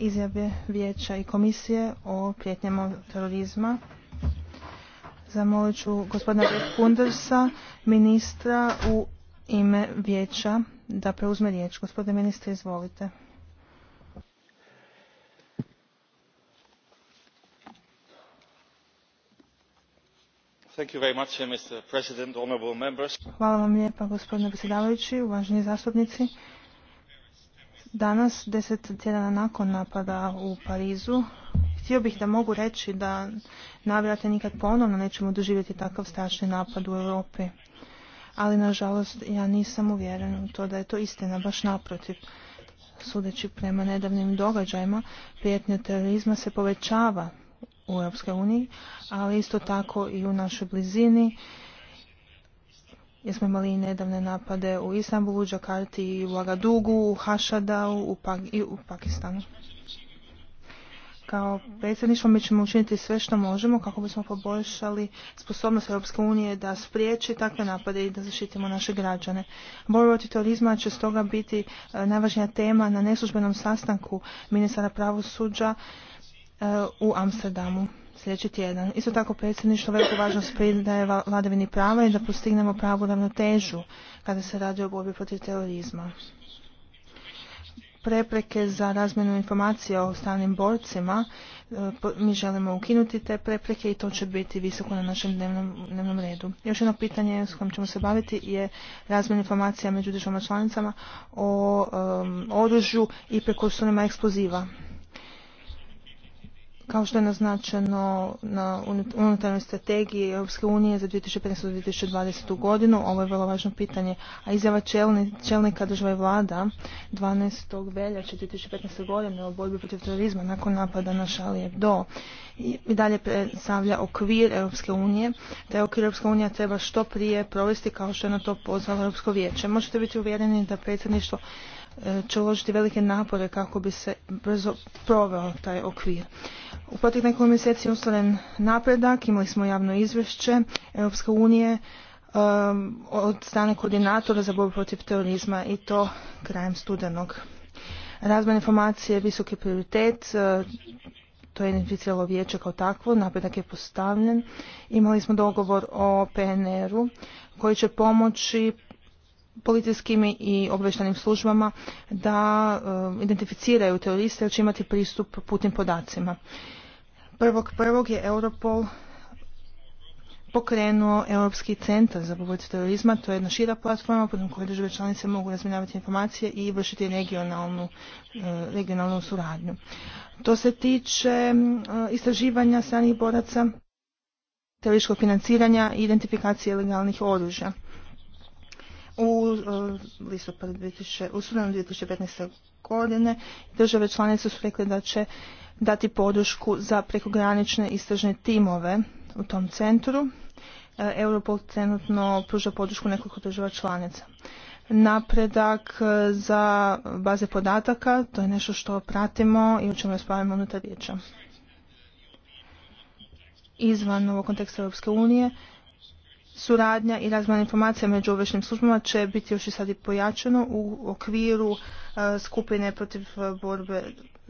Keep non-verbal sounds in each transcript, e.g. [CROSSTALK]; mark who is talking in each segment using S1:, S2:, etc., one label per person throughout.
S1: izjave vijeća i komisije o prijetnjama terorizma. Zamolit ću gospodina Kundersa, ministra u ime vijeća, da preuzme riječ. Gospodine ministre, izvolite.
S2: Thank you very much, Mr.
S1: Hvala vam lijepa gospodine predsjedavajući, uvaženi zastupnici. Danas, deset tjedana nakon napada u Parizu, htio bih da mogu reći da navrate nikad ponovno nećemo doživjeti takav strašni napad u Europi. Ali, nažalost, ja nisam uvjeren u to da je to istina, baš naprotiv. Sudeći prema nedavnim događajima, prijetnja terorizma se povećava u Europskoj uniji, ali isto tako i u našoj blizini Jesmo smo imali nedavne napade u Istanbulu, Džakarti, u Agadugu, u Hašadau u i u Pakistanu. Kao predsjedništvo mi ćemo učiniti sve što možemo kako bismo poboljšali sposobnost Europske unije da spriječi takve napade i da zaštitimo naše građane. Borba protiv terorizma će stoga biti e, najvažnija tema na neslužbenom sastanku ministara pravosuđa e, u Amsterdamu sljedeći tjedan. Isto tako predsjedništvo veliku važnost pridaje vladavini prava i da postignemo pravu ravnotežu kada se radi o borbi protiv terorizma. Prepreke za razmjenu informacija o stranim borcima, e, mi želimo ukinuti te prepreke i to će biti visoko na našem dnevnom, redu. Još jedno pitanje s kojim ćemo se baviti je razmjena informacija među državama članicama o oružju i prekursorima eksploziva. Kao što je naznačeno na unutarnjoj strategiji Europske unije za 2015-2020 godinu, ovo je vrlo važno pitanje, a izjava čelnika države vlada 12. veljače 2015. godine o borbi protiv terorizma nakon napada na Šalije do i dalje predstavlja okvir Europske unije. Taj okvir Europska unija treba što prije provesti kao što je na to pozvalo Europsko vijeće. Možete biti uvjereni da predsjedništvo e, će uložiti velike napore kako bi se brzo proveo taj okvir. U proteklih nekoliko mjeseci je napredak, imali smo javno izvješće Europske unije um, od strane koordinatora za borbu protiv terorizma i to krajem studenog. Razmjena informacije je visoki prioritet, uh, to je identificiralo vijeće kao takvo, napredak je postavljen. Imali smo dogovor o PNR-u koji će pomoći policijskim i obveštanim službama da um, identificiraju teroriste jer će imati pristup putnim podacima prvog je Europol pokrenuo Europski centar za borbu terorizma. To je jedna šira platforma putem koje države članice mogu razmjenjavati informacije i vršiti regionalnu, e, regionalnu suradnju. To se tiče e, istraživanja stranih boraca, terorističkog financiranja i identifikacije legalnih oružja. U e, listopadu u 2015. godine države članice su rekli da će dati podršku za prekogranične istražne timove u tom centru. E, Europol trenutno pruža podršku nekoliko država članica. Napredak e, za baze podataka, to je nešto što pratimo i o čemu raspravljamo unutar vijeća. Izvan ovog konteksta Europske unije, suradnja i razmjena informacija među obvešnim službama će biti još i sad i pojačeno u okviru e, skupine protiv borbe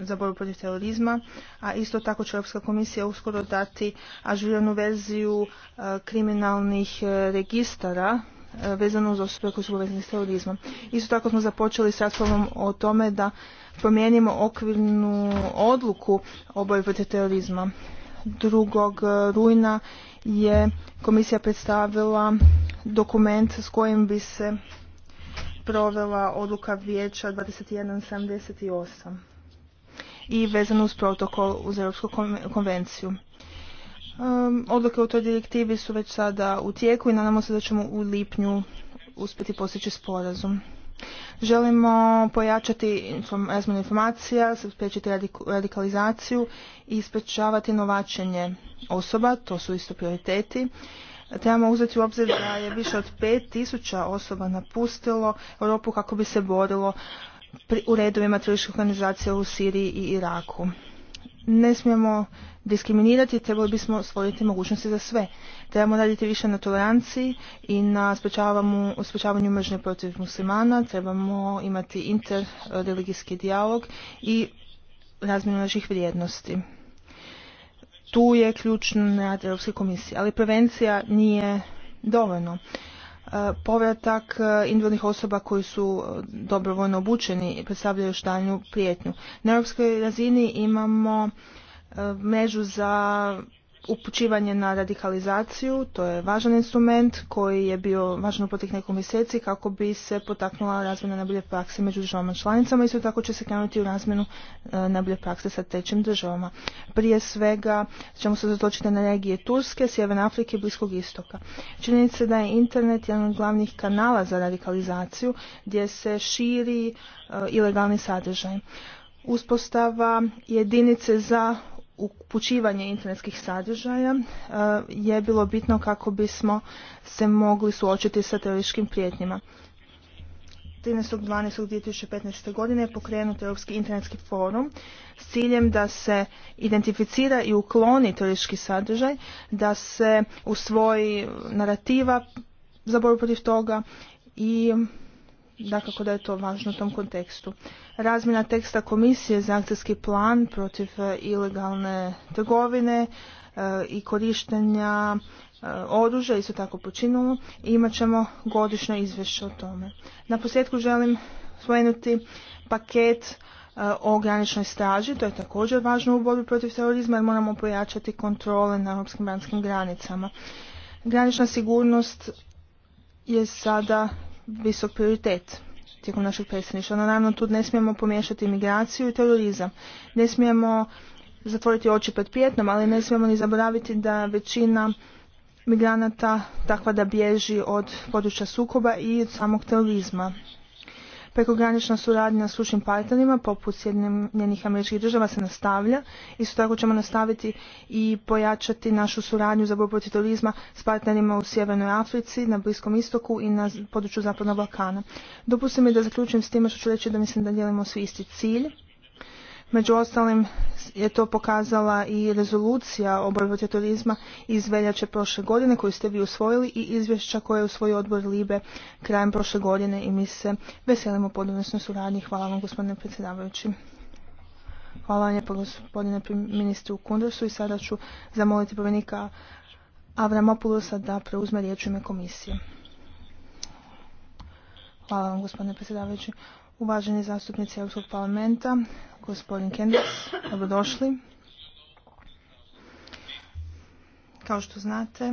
S1: za borbu protiv terorizma, a isto tako će Europska komisija uskoro dati ažuriranu verziju e, kriminalnih e, registara e, vezano za osobe koje su povezane s terorizmom. Isto tako smo započeli s raspravom o tome da promijenimo okvirnu odluku o borbi protiv terorizma. 2. rujna je komisija predstavila dokument s kojim bi se provela odluka vijeća 2178 i vezano uz protokol uz Europsku konvenciju. odluke u toj direktivi su već sada u tijeku i nadamo se da ćemo u lipnju uspjeti postići sporazum. Želimo pojačati razmjenu informacija, spriječiti radikalizaciju i sprečavati novačenje osoba, to su isto prioriteti. Trebamo uzeti u obzir da je više od 5000 osoba napustilo Europu kako bi se borilo u redovima terorističkih organizacija u Siriji i Iraku. Ne smijemo diskriminirati, trebali bismo stvoriti mogućnosti za sve. Trebamo raditi više na toleranciji i na sprečavanju mržnje protiv muslimana, trebamo imati interreligijski dijalog i razmjenu naših vrijednosti. Tu je ključna rad Europske komisije, ali prevencija nije dovoljno. E, povratak e, individualnih osoba koji su e, dobrovoljno obučeni i predstavljaju štanju prijetnju. Na europskoj razini imamo mrežu za upućivanje na radikalizaciju, to je važan instrument koji je bio važan u proteklih nekoliko mjeseci kako bi se potaknula razmjena najbolje prakse među državama članicama. Isto tako će se krenuti u razmjenu e, najbolje prakse sa trećim državama. Prije svega ćemo se zatočiti na regije Turske, Sjeverne Afrike i Bliskog istoka. Činjenica da je internet jedan od glavnih kanala za radikalizaciju gdje se širi e, ilegalni sadržaj uspostava jedinice za upućivanje internetskih sadržaja e, je bilo bitno kako bismo se mogli suočiti sa terorističkim prijetnjima. 13.12.2015. godine je pokrenut Europski internetski forum s ciljem da se identificira i ukloni teroristički sadržaj, da se usvoji narativa za borbu protiv toga i dakako da je to važno u tom kontekstu. Razmjena teksta komisije za akcijski plan protiv e, ilegalne trgovine e, i korištenja e, oružja, isto tako počinulo, i imat ćemo godišnje izvješće o tome. Na posljedku želim spomenuti paket o graničnoj straži, to je također važno u borbi protiv terorizma jer moramo pojačati kontrole na europskim vanjskim granicama. Granična sigurnost je sada visok prioritet tijekom našeg predsjedništva. No, naravno, tu ne smijemo pomiješati migraciju i terorizam. Ne smijemo zatvoriti oči pred prijetnom, ali ne smijemo ni zaboraviti da većina migranata takva da bježi od područja sukoba i od samog terorizma. Prekogranična suradnja s slušnim partnerima poput Sjedinjenih američkih država se nastavlja. Isto tako ćemo nastaviti i pojačati našu suradnju za borbu protiv turizma s partnerima u Sjevernoj Africi, na Bliskom istoku i na području Zapadnog Balkana. Dopustite mi da zaključim s time što ću reći da mislim da dijelimo svi isti cilj, Među ostalim je to pokazala i rezolucija o borbi terorizma iz veljače prošle godine koju ste vi usvojili i izvješća koje je usvojio odbor Libe krajem prošle godine i mi se veselimo podnosno suradnji. Hvala vam gospodine predsjedavajući. Hvala vam lijepo gospodine ministru Kundersu i sada ću zamoliti povjenika Avramopulosa da preuzme riječ u ime komisije. Hvala vam gospodine predsjedavajući. Uvaženi zastupnici Europskog parlamenta, gospodin Kendis, dobrodošli. Kao što znate,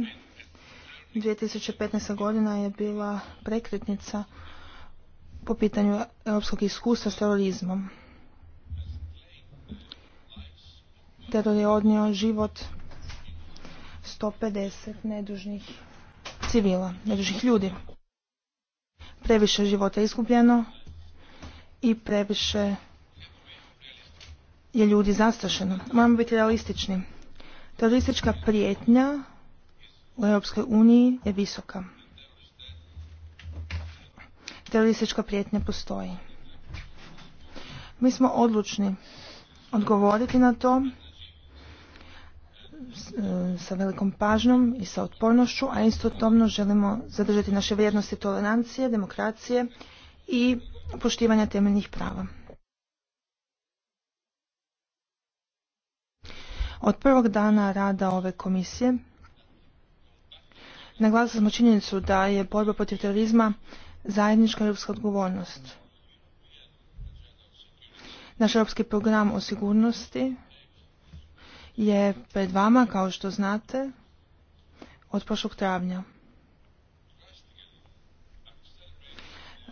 S1: 2015. godina je bila prekretnica po pitanju europskog iskustva s terorizmom. Teror je odnio život 150 nedužnih civila, nedužnih ljudi. Previše života je izgubljeno, i previše je ljudi zastrašeno. Moramo biti realistični. Teroristička prijetnja u Europskoj uniji je visoka. Teroristička prijetnja postoji. Mi smo odlučni odgovoriti na to e, sa velikom pažnjom i sa otpornošću, a istotobno želimo zadržati naše vrijednosti tolerancije, demokracije i poštivanja temeljnih prava. Od prvog dana rada ove komisije naglasili smo činjenicu da je borba protiv terorizma zajednička europska odgovornost. Naš europski program o sigurnosti je pred vama, kao što znate, od prošlog travnja.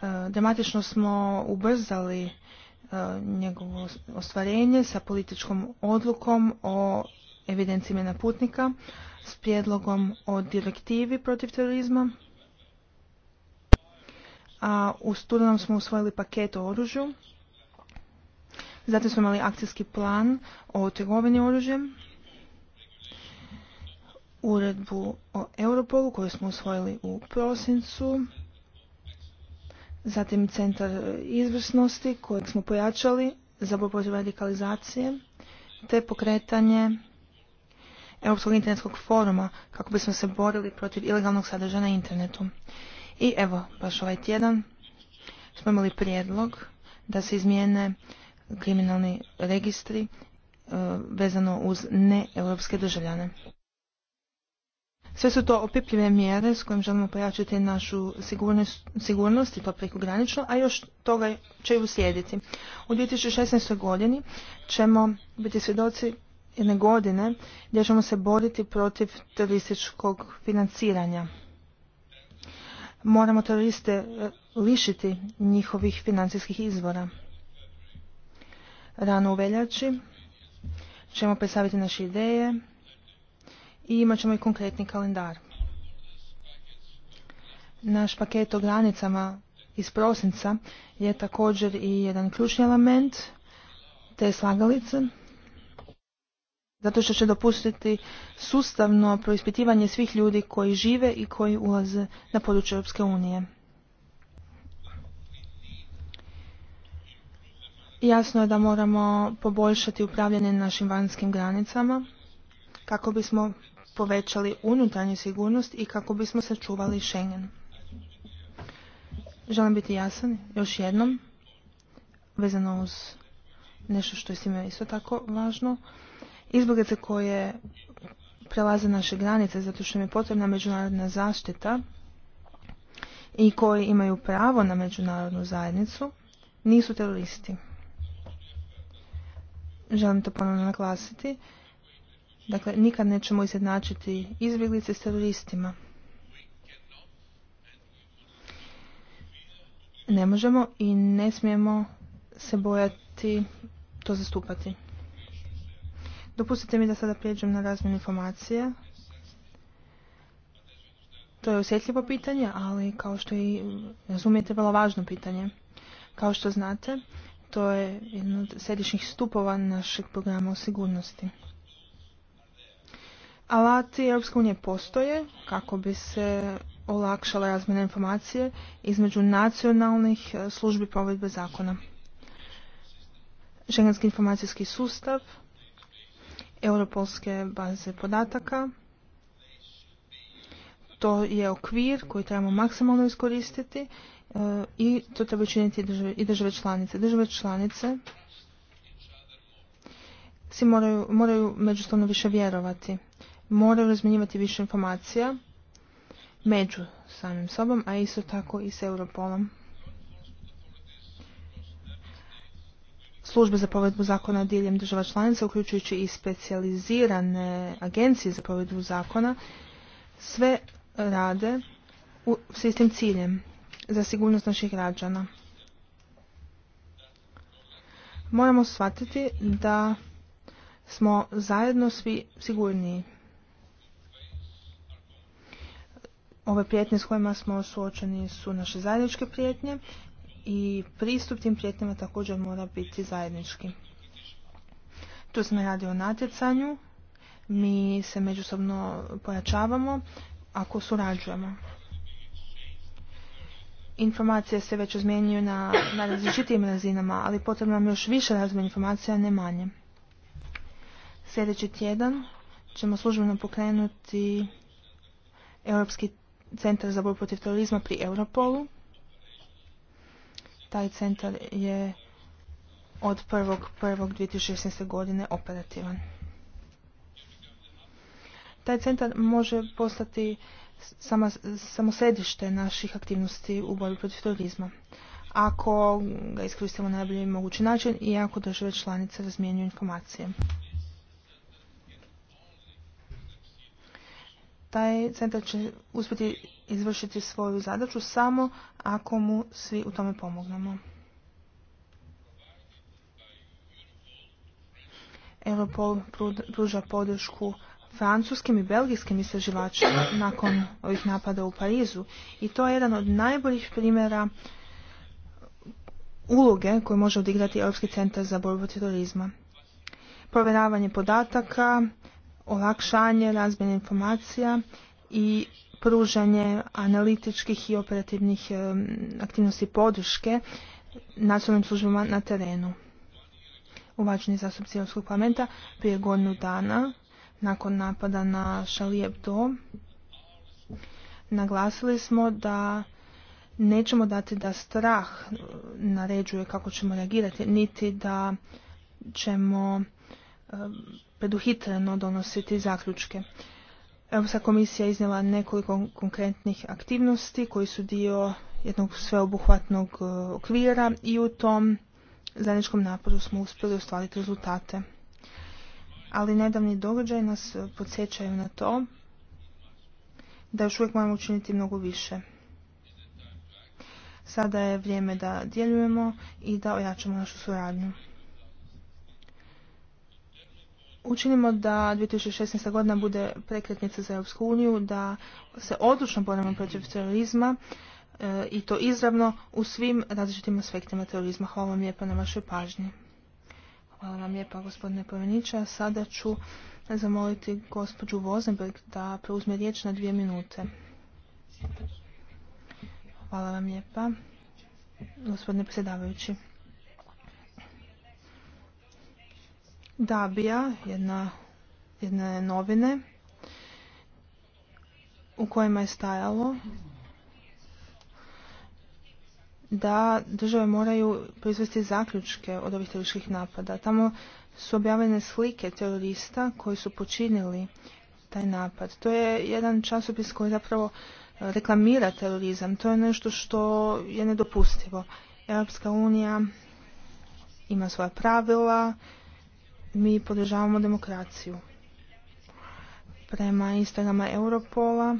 S1: E, dramatično smo ubrzali e, njegovo ostvarenje sa političkom odlukom o evidenciji imena putnika s prijedlogom o direktivi protiv terorizma. A u studenom smo usvojili paket o oružju. Zatim smo imali akcijski plan o trgovini oružjem, uredbu o Europolu koju smo usvojili u prosincu zatim centar izvrsnosti kojeg smo pojačali za borbu radikalizacije, te pokretanje Europskog internetskog foruma kako bismo se borili protiv ilegalnog sadržaja na internetu. I evo, baš ovaj tjedan smo imali prijedlog da se izmijene kriminalni registri e, vezano uz neeuropske državljane. Sve su to opipljive mjere s kojim želimo pojačati našu sigurnost, i to prekogranično, a još toga će i uslijediti. U 2016. godini ćemo biti svjedoci jedne godine gdje ćemo se boriti protiv terorističkog financiranja. Moramo teroriste e, lišiti njihovih financijskih izvora. Rano u veljači ćemo predstaviti naše ideje, i imat ćemo i konkretni kalendar. Naš paket o granicama iz prosinca je također i jedan ključni element te slagalice zato što će dopustiti sustavno proispitivanje svih ljudi koji žive i koji ulaze na područje Europske unije. Jasno je da moramo poboljšati upravljanje našim vanjskim granicama kako bismo povećali unutarnju sigurnost i kako bismo sačuvali Schengen. Želim biti jasan još jednom, vezano uz nešto što je svima isto tako važno. Izbjeglice koje prelaze naše granice zato što im je potrebna međunarodna zaštita i koji imaju pravo na međunarodnu zajednicu nisu teroristi. Želim to ponovno naglasiti Dakle, nikad nećemo izjednačiti izbjeglice s teroristima. Ne možemo i ne smijemo se bojati to zastupati. Dopustite mi da sada prijeđem na razmjenu informacija. To je osjetljivo pitanje, ali kao što i razumijete, vrlo važno pitanje. Kao što znate, to je jedan od središnjih stupova našeg programa o sigurnosti. Alati Europske unije postoje kako bi se olakšala razmjena informacije između nacionalnih e, službi provedbe zakona. Šengenski informacijski sustav, europolske baze podataka, to je okvir koji trebamo maksimalno iskoristiti e, i to treba učiniti i države, članice. Države članice si moraju, moraju međusobno više vjerovati moraju razmjenjivati više informacija među samim sobom, a isto tako i s Europolom. Službe za provedbu zakona diljem država članica, uključujući i specijalizirane agencije za provedbu zakona, sve rade u, s istim ciljem za sigurnost naših građana. Moramo shvatiti da smo zajedno svi sigurniji. Ove prijetnje s kojima smo suočeni su naše zajedničke prijetnje i pristup tim prijetnjama također mora biti zajednički. Tu se radi o natjecanju, mi se međusobno pojačavamo ako surađujemo. Informacije se već izmjenjuju na, različitim razinama, ali potrebno nam još više razmjene informacija, ne manje. Sljedeći tjedan ćemo službeno pokrenuti europski centar za borbu protiv terorizma pri Europolu. Taj centar je od 1.1.2016. godine operativan. Taj centar može postati samo, središte naših aktivnosti u borbi protiv terorizma ako ga iskoristimo na najbolji mogući način i ako države članice razmjenjuju informacije. taj centar će uspjeti izvršiti svoju zadaću samo ako mu svi u tome pomognemo. Europol pruža podršku francuskim i belgijskim istraživačima nakon ovih napada u Parizu i to je jedan od najboljih primjera uloge koje može odigrati Europski centar za borbu terorizma. Provjeravanje podataka, olakšanje razmjene informacija i pružanje analitičkih i operativnih aktivnosti podrške nacionalnim službama na terenu. Uvaženi zastupci Europskog parlamenta prije godinu dana nakon napada na šalijep Do naglasili smo da nećemo dati da strah naređuje kako ćemo reagirati, niti da ćemo Um, preduhitreno donositi zaključke. Europska komisija iznijela nekoliko konkretnih aktivnosti koji su dio jednog sveobuhvatnog uh, okvira i u tom zajedničkom naporu smo uspjeli ostvariti rezultate. Ali nedavni događaj nas uh, podsjećaju na to da još uvijek moramo učiniti mnogo više. Sada je vrijeme da djelujemo i da ojačamo našu suradnju učinimo da 2016. godina bude prekretnica za Europsku uniju, da se odlučno borimo protiv terorizma eh, i to izravno u svim različitim aspektima terorizma. Hvala vam lijepa na vašoj pažnji. Hvala vam lijepa gospodine Poveniča. Sada ću zamoliti gospođu Vozenberg da preuzme riječ na dvije minute. Hvala vam lijepa gospodine predsjedavajući. Dabija, jedna, jedne novine u kojima je stajalo da države moraju proizvesti zaključke od ovih terorističkih napada. Tamo su objavljene slike terorista koji su počinili taj napad. To je jedan časopis koji zapravo e, reklamira terorizam. To je nešto što je nedopustivo. Europska unija ima svoja pravila, mi podržavamo demokraciju. Prema Instagrama Europola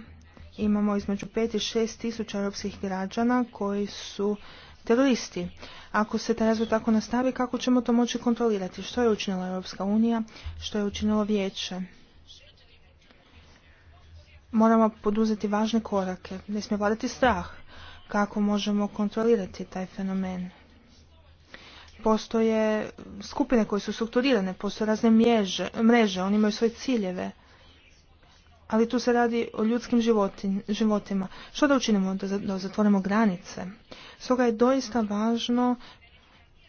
S1: imamo između 5 i 6 tisuća europskih građana koji su teroristi. Ako se taj razvoj tako nastavi, kako ćemo to moći kontrolirati? Što je učinila Europska unija? Što je učinilo vijeće? Moramo poduzeti važne korake. Ne smije vladati strah. Kako možemo kontrolirati taj fenomen? postoje skupine koje su strukturirane, postoje razne mreže, oni imaju svoje ciljeve. Ali tu se radi o ljudskim životima. Što da učinimo? Da, da zatvorimo granice. Stoga je doista važno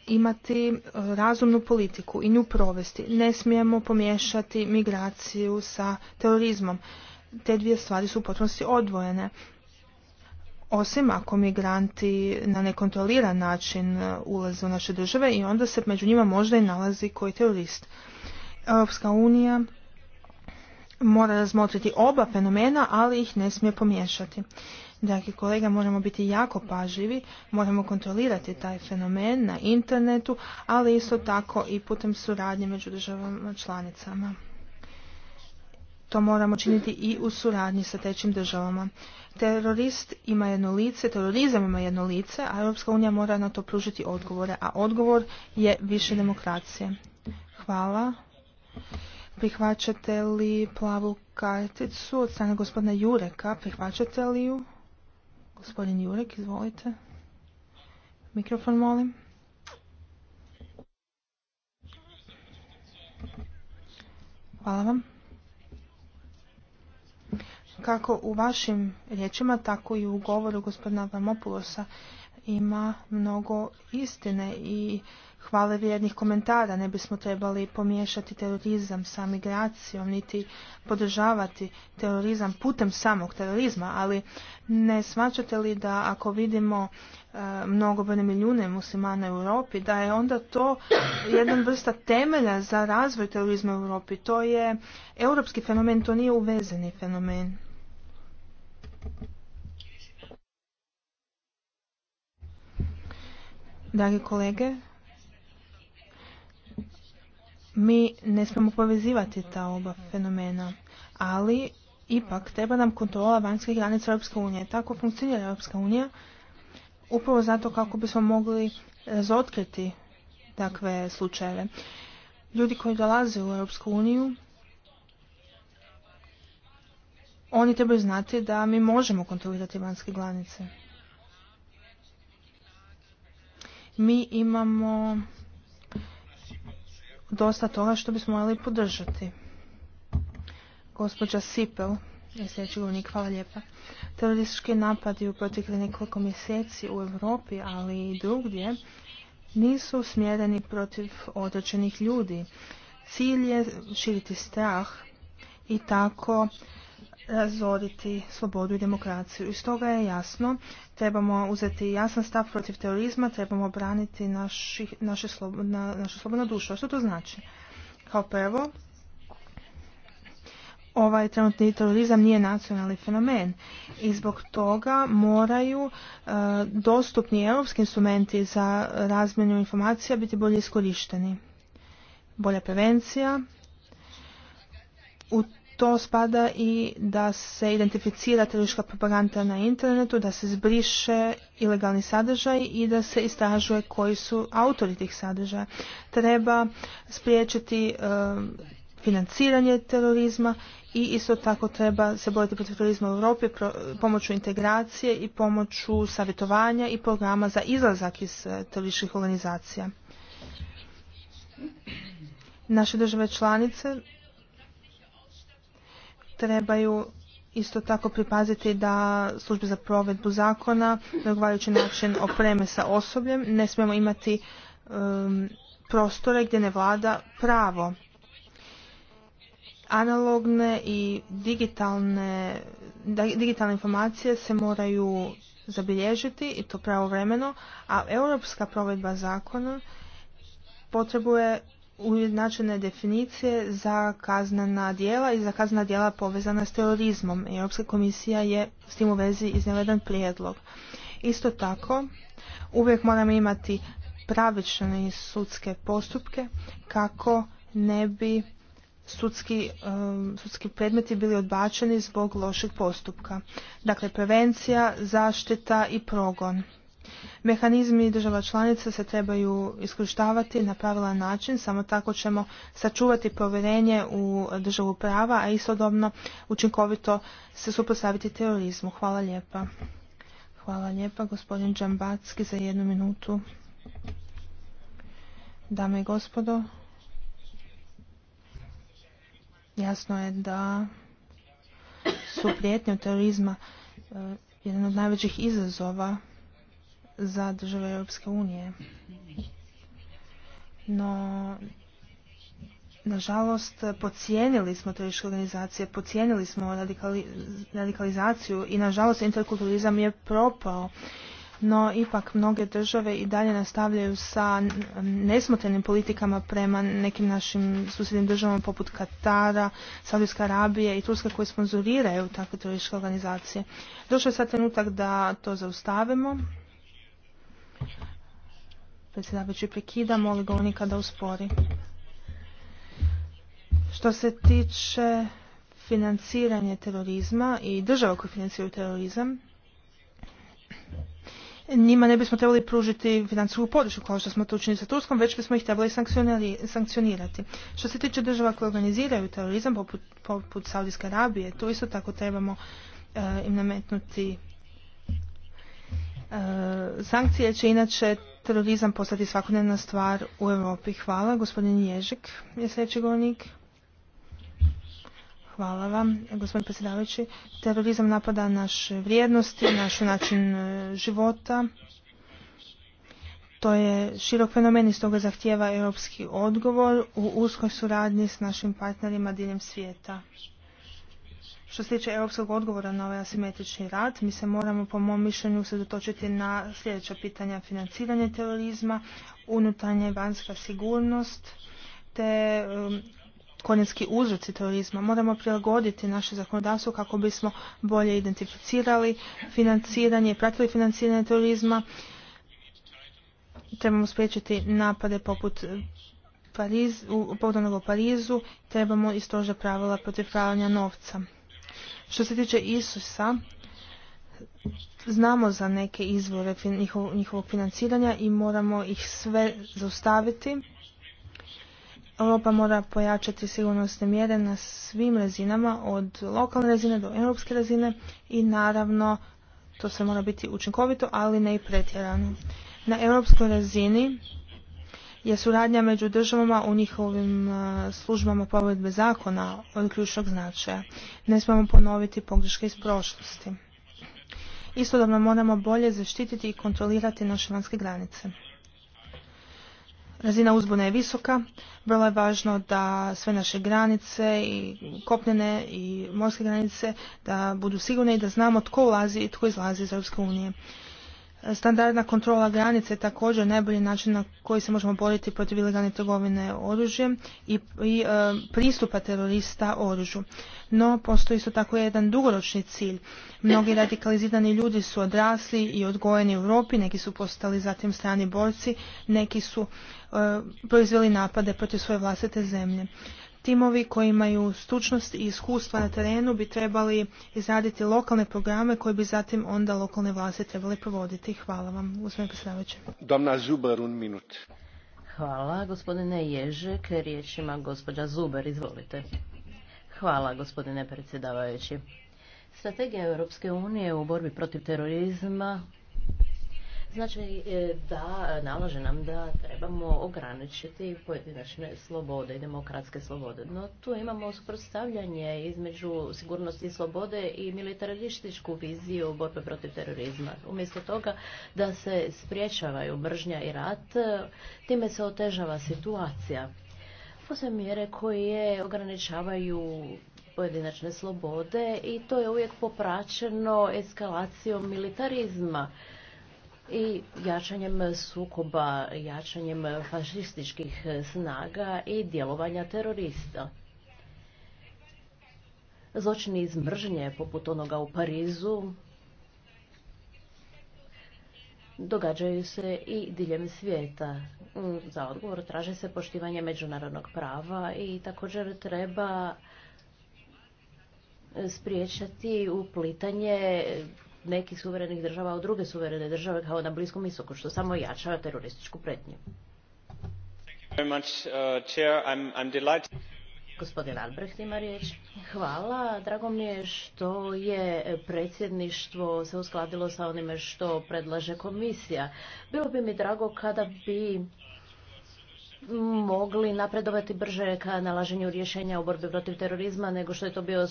S1: imati e, razumnu politiku i nju provesti. Ne smijemo pomiješati migraciju sa terorizmom. Te dvije stvari su u potpunosti odvojene osim ako migranti na nekontroliran način e, ulaze u naše države i onda se među njima možda i nalazi koji terorist. Europska unija mora razmotriti oba fenomena, ali ih ne smije pomiješati. Dragi kolega, moramo biti jako pažljivi, moramo kontrolirati taj fenomen na internetu, ali isto tako i putem suradnje među državama članicama. To moramo činiti i u suradnji sa trećim državama terorist ima jedno lice, terorizam ima jedno lice, a Europska unija mora na to pružiti odgovore, a odgovor je više demokracije. Hvala. Prihvaćate li plavu karticu od strane gospodina Jureka? Prihvaćate li ju? Gospodin Jurek, izvolite. Mikrofon molim. Hvala vam kako u vašim riječima, tako i u govoru gospodina Vamopulosa ima mnogo istine i hvale vrijednih komentara. Ne bismo trebali pomiješati terorizam sa migracijom, niti podržavati terorizam putem samog terorizma, ali ne smačate li da ako vidimo mnogo e, mnogobrojne milijune muslimana u Europi, da je onda to jedna vrsta temelja za razvoj terorizma u Europi. To je europski fenomen, to nije uvezeni fenomen. Dragi kolege, mi ne smemo povezivati ta oba fenomena, ali ipak treba nam kontrola vanjske granice Europske unije. Tako funkcionira Europska unija, upravo zato kako bismo mogli razotkriti takve slučajeve. Ljudi koji dolaze u Europsku uniju oni trebaju znati da mi možemo kontrolirati vanjske granice. Mi imamo dosta toga što bismo morali podržati. Gospođa Sipel, je sljedeći govornik, hvala lijepa. Teroristički napadi u proteklih nekoliko mjeseci u Europi, ali i drugdje, nisu smjereni protiv određenih ljudi. Cilj je širiti strah i tako razoriti slobodu i demokraciju. I stoga je jasno, trebamo uzeti jasan stav protiv terorizma, trebamo braniti našu slobodnu dušu. što to znači? Kao prvo, ovaj trenutni terorizam nije nacionalni fenomen i zbog toga moraju e, dostupni europski instrumenti za razmjenu informacija biti bolje iskorišteni. Bolja prevencija, u to spada i da se identificira teroriška propaganda na internetu, da se zbriše ilegalni sadržaj i da se istražuje koji su autori tih sadržaja. Treba spriječiti um, financiranje terorizma i isto tako treba se boriti protiv terorizma u Europi pomoću integracije i pomoću savjetovanja i programa za izlazak iz eh, terorističkih organizacija. Naše države članice trebaju isto tako pripaziti da službe za provedbu zakona na odgovarajući način opreme sa osobljem. Ne smijemo imati um, prostore gdje ne vlada pravo. Analogne i digitalne, digitalne informacije se moraju zabilježiti i to pravovremeno, a europska provedba zakona potrebuje ujednačene definicije za kaznena djela i za kaznena djela povezana s terorizmom. Europska komisija je s tim u vezi iznijela jedan prijedlog. Isto tako, uvijek moramo imati pravične sudske postupke kako ne bi sudski, um, sudski predmeti bili odbačeni zbog lošeg postupka. Dakle, prevencija, zaštita i progon. Mehanizmi država članica se trebaju iskorištavati na pravilan način, samo tako ćemo sačuvati povjerenje u državu prava, a istodobno učinkovito se suprotstaviti terorizmu. Hvala lijepa. Hvala lijepa, gospodin Džambacki, za jednu minutu. Dame i gospodo, jasno je da su prijetnje od terorizma eh, jedan od najvećih izazova za države Europske unije. No, nažalost, pocijenili smo turističke organizacije, pocijenili smo radikalizaciju i nažalost interkulturalizam je propao. No, ipak mnoge države i dalje nastavljaju sa nesmotrenim politikama prema nekim našim susjednim državama poput Katara, Saudijske Arabije i Turska koje sponzoriraju takve turističke organizacije. Došao je sad trenutak da to zaustavimo, Predsjedavajući prekida, moli govornika da uspori. Što se tiče financiranje terorizma i država koje financiraju terorizam, njima ne bismo trebali pružiti financijsku podršku kao što smo to učinili sa Turskom, već bismo ih trebali sankcionirati. Što se tiče država koje organiziraju terorizam, poput, Saudijske Arabije, tu isto tako trebamo eh, im nametnuti E, sankcije će inače terorizam postati svakodnevna stvar u Europi. Hvala. Gospodin Ježek je sljedeći govornik. Hvala vam, gospodin predsjedavajući. Terorizam napada naše vrijednosti, naš način e, života. To je širok fenomen i stoga zahtijeva europski odgovor u uskoj suradnji s našim partnerima diljem svijeta. Što se tiče europskog odgovora na ovaj asimetrični rad, mi se moramo po mom mišljenju usredotočiti na sljedeća pitanja financiranje terorizma, unutarnja i vanjska sigurnost, te um, konjenski uzroci terorizma. Moramo prilagoditi naše zakonodavstvo kako bismo bolje identificirali financiranje i pratili financiranje terorizma. Trebamo spriječiti napade poput eh, Pariz, u, Parizu, trebamo istože pravila protiv pravanja novca. Što se tiče Isusa, znamo za neke izvore njihovog financiranja i moramo ih sve zaustaviti. Europa mora pojačati sigurnosne mjere na svim razinama, od lokalne razine do europske razine i naravno to sve mora biti učinkovito, ali ne i pretjerano. Na europskoj razini je suradnja među državama u njihovim e, službama provedbe zakona od ključnog značaja. Ne smemo ponoviti pogreške iz prošlosti. Istodobno moramo bolje zaštititi i kontrolirati naše vanjske granice. Razina uzbuna je visoka, vrlo je važno da sve naše granice i kopnene i morske granice da budu sigurne i da znamo tko ulazi i tko izlazi iz Europske unije standardna kontrola granice je također najbolji način na koji se možemo boriti protiv ilegalne trgovine oružjem i, e, pristupa terorista oružju. No, postoji isto tako jedan dugoročni cilj. Mnogi radikalizirani ljudi su odrasli i odgojeni u Europi, neki su postali zatim strani borci, neki su e, proizveli napade protiv svoje vlastite zemlje. Timovi koji imaju stručnost i iskustva na terenu bi trebali izraditi lokalne programe koje bi zatim onda lokalne vlasti trebali provoditi. Hvala vam, gospodine predsjedavajući.
S2: Domna un minut.
S1: Hvala, gospodine
S3: Ježek. Riječ ima gospođa Zuber, izvolite. Hvala, gospodine predsjedavajući. Strategija Europske unije u borbi protiv terorizma znači e, da nalaže nam da trebamo ograničiti pojedinačne slobode i demokratske slobode. No tu imamo suprotstavljanje između sigurnosti i slobode i militarističku viziju borbe protiv terorizma. Umjesto toga da se spriječavaju mržnja i rat, time se otežava situacija. Postoje mjere koje ograničavaju pojedinačne slobode i to je uvijek popraćeno eskalacijom militarizma i jačanjem sukoba, jačanjem fašističkih snaga i djelovanja terorista. Zločini iz mržnje, poput onoga u Parizu, događaju se i diljem svijeta. Za odgovor traže se poštivanje međunarodnog prava i također treba spriječati uplitanje nekih suverenih država u druge suverene države kao na Bliskom istoku, što samo jača terorističku pretnju.
S2: Uh,
S3: Gospodin Albrecht ima riječ. Hvala. Drago mi je što je predsjedništvo se uskladilo sa onime što predlaže komisija. Bilo bi mi drago kada bi mogli napredovati brže ka nalaženju rješenja u borbi protiv terorizma nego što je to bio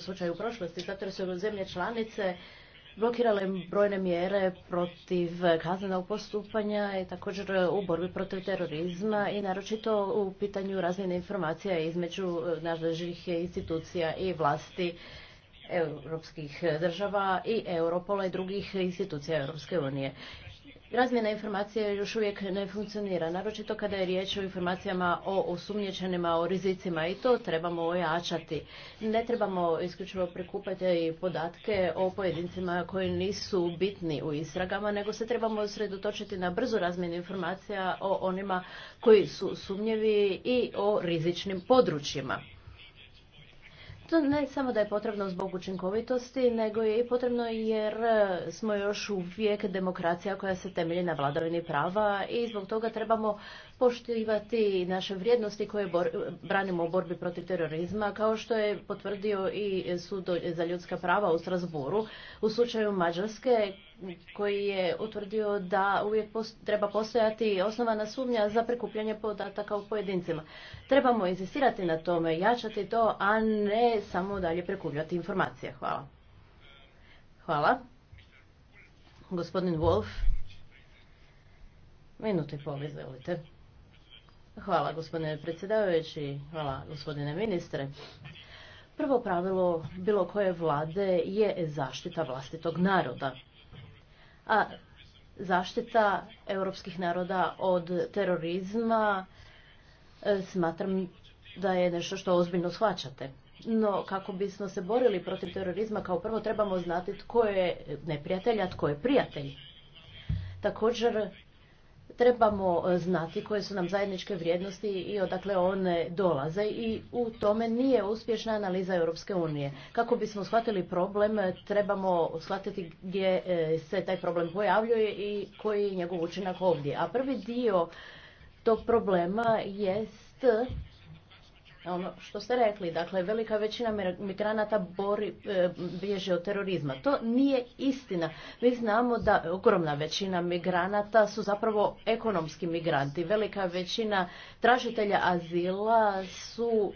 S3: slučaj u prošlosti. Zato jer su zemlje članice blokirale brojne mjere protiv kaznenog postupanja i također u borbi protiv terorizma i naročito u pitanju razmjene informacija između nadležnih institucija i vlasti europskih država i Europola i drugih institucija Europske unije razmjena informacija još uvijek ne funkcionira, naročito kada je riječ o informacijama o osumnječenima, o rizicima i to trebamo ojačati. Ne trebamo isključivo prikupati podatke o pojedincima koji nisu bitni u istragama, nego se trebamo sredotočiti na brzu razmjenu informacija o onima koji su sumnjevi i o rizičnim područjima. To ne samo da je potrebno zbog učinkovitosti, nego je i potrebno jer e, smo još uvijek demokracija koja se temelji na vladavini prava i zbog toga trebamo poštivati naše vrijednosti koje branimo u borbi protiv terorizma, kao što je potvrdio i Sud za ljudska prava u Strasburu u slučaju Mađarske koji je utvrdio da uvijek treba postojati osnovana sumnja za prikupljanje podataka u pojedincima. Trebamo insistirati na tome, jačati to, a ne samo dalje prikupljati informacije. Hvala. Hvala. Gospodin Wolf. Minuto i pol, izvolite. Hvala gospodine predsjedavajući, hvala gospodine ministre. Prvo pravilo bilo koje vlade je zaštita vlastitog naroda a zaštita europskih naroda od terorizma e, smatram da je nešto što ozbiljno shvaćate. No, kako bismo se borili protiv terorizma, kao prvo trebamo znati tko je neprijatelj, a tko je prijatelj. Također, trebamo e, znati koje su nam zajedničke vrijednosti i odakle one dolaze i u tome nije uspješna analiza Europske unije. Kako bismo shvatili problem, e, trebamo shvatiti gdje e, se taj problem pojavljuje i koji je njegov učinak ovdje. A prvi dio tog problema jest ono što ste rekli, dakle velika većina migranata bori, e, bježe od terorizma. To nije istina. Mi znamo da ogromna većina migranata su zapravo ekonomski migranti. Velika većina tražitelja azila su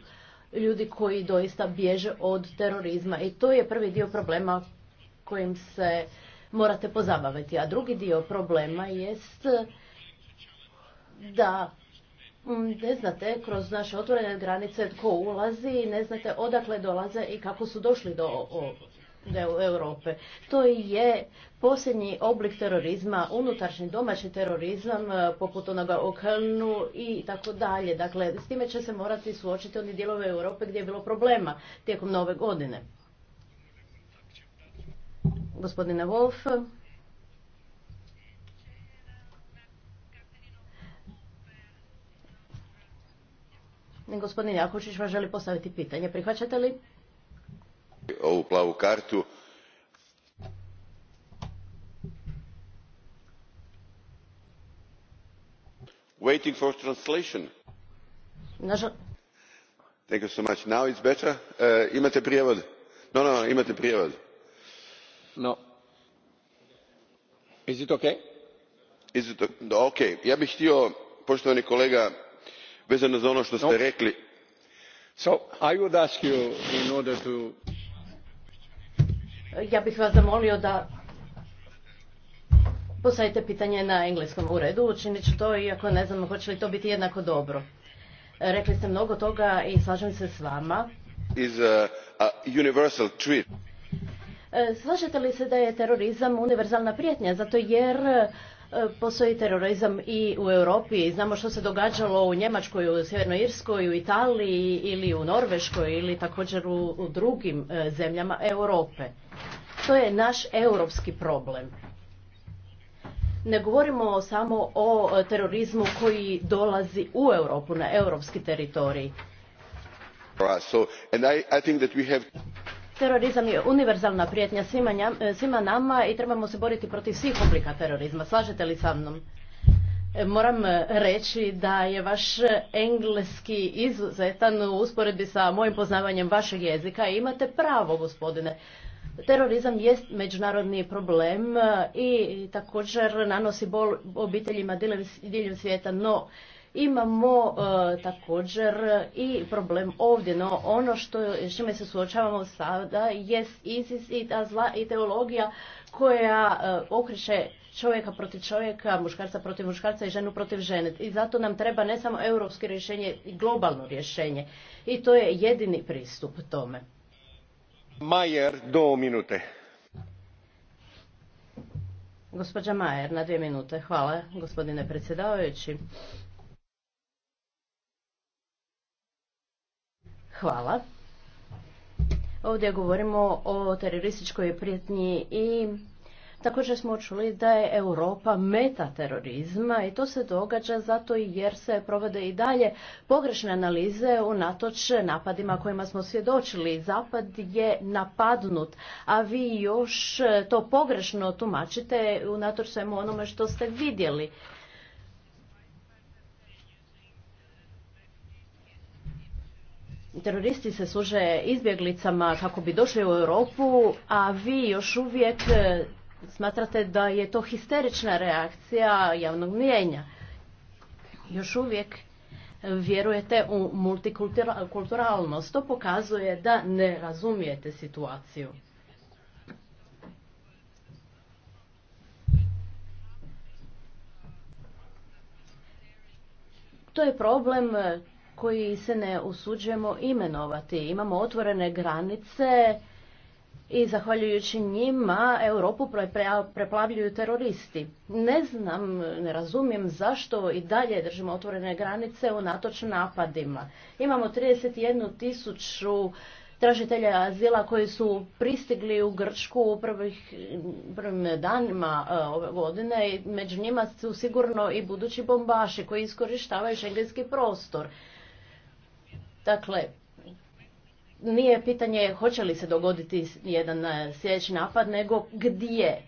S3: ljudi koji doista bježe od terorizma i to je prvi dio problema kojim se morate pozabaviti. A drugi dio problema jest da Mm, ne znate kroz naše otvorene granice tko ulazi i ne znate odakle dolaze i kako su došli do, Europe. To je posljednji oblik terorizma, unutaršnji domaći terorizam, e, poput onoga o Kölnu i tako dalje. Dakle, s time će se morati suočiti oni dijelove Europe gdje je bilo problema tijekom nove godine. Gospodine Wolf, Gospodin Jaković vas želi postaviti pitanje. Prihvaćate li?
S2: Ovu plavu kartu. Waiting for translation. Nažal... Thank you so much. Now it's better. Uh, imate prijevod? No, no, imate prijevod. No. Is it okay? Is it okay? Ja bih htio, poštovani kolega, vezano za ono što ste rekli
S3: ja bih vas zamolio da postavite pitanje na engleskom uredu. redu učinit ću to iako ne znam hoće li to biti jednako dobro rekli ste mnogo toga i slažem se s vama e, slažete li se da je terorizam univerzalna prijetnja zato jer E, postoji terorizam i u Europi znamo što se događalo u Njemačkoj, u Sjevernoj Irskoj, u Italiji ili u Norveškoj ili također u, drugim e, zemljama Europe. To je naš europski problem. Ne govorimo samo o e, terorizmu koji dolazi u Europu, na europski teritoriji. Terorizam je univerzalna prijetnja svima, e, svima nama i trebamo se boriti protiv svih oblika terorizma. Slažete li sa mnom? E, moram e, reći da je vaš engleski izuzetan u usporedbi sa mojim poznavanjem vašeg jezika. Imate pravo, gospodine. Terorizam jest međunarodni problem i također nanosi bol obiteljima diljem svijeta, no Imamo e, također i problem ovdje, no ono što s čime se suočavamo sada jest ISIS i ta zla ideologija koja e, okreće čovjeka protiv čovjeka, muškarca protiv muškarca i ženu protiv žene. I zato nam treba ne samo europsko rješenje, i globalno rješenje. I to je jedini pristup tome.
S2: Majer, do minute.
S3: Gospođa Majer, na dvije minute. Hvala, gospodine predsjedavajući. Hvala. Ovdje govorimo o terorističkoj prijetnji i također smo čuli da je Europa meta terorizma i to se događa zato jer se provode i dalje pogrešne analize unatoč napadima kojima smo svjedočili. Zapad je napadnut, a vi još to pogrešno tumačite unatoč svemu onome što ste vidjeli. teroristi se služe izbjeglicama kako bi došli u Europu, a vi još uvijek e, smatrate da je to histerična reakcija javnog mijenja. Još uvijek vjerujete u multikulturalnost. To pokazuje da ne razumijete situaciju. To je problem koji se ne usuđujemo imenovati. Imamo otvorene granice i zahvaljujući njima Europu preplavljuju teroristi. Ne znam, ne razumijem zašto i dalje držimo otvorene granice u natoč napadima. Imamo 31 tisuću tražitelja azila koji su pristigli u Grčku u prvih, prvim danima e, ove godine i među njima su sigurno i budući bombaši koji iskorištavaju šengenski prostor. Dakle, nije pitanje hoće li se dogoditi jedan e, sljedeći napad, nego gdje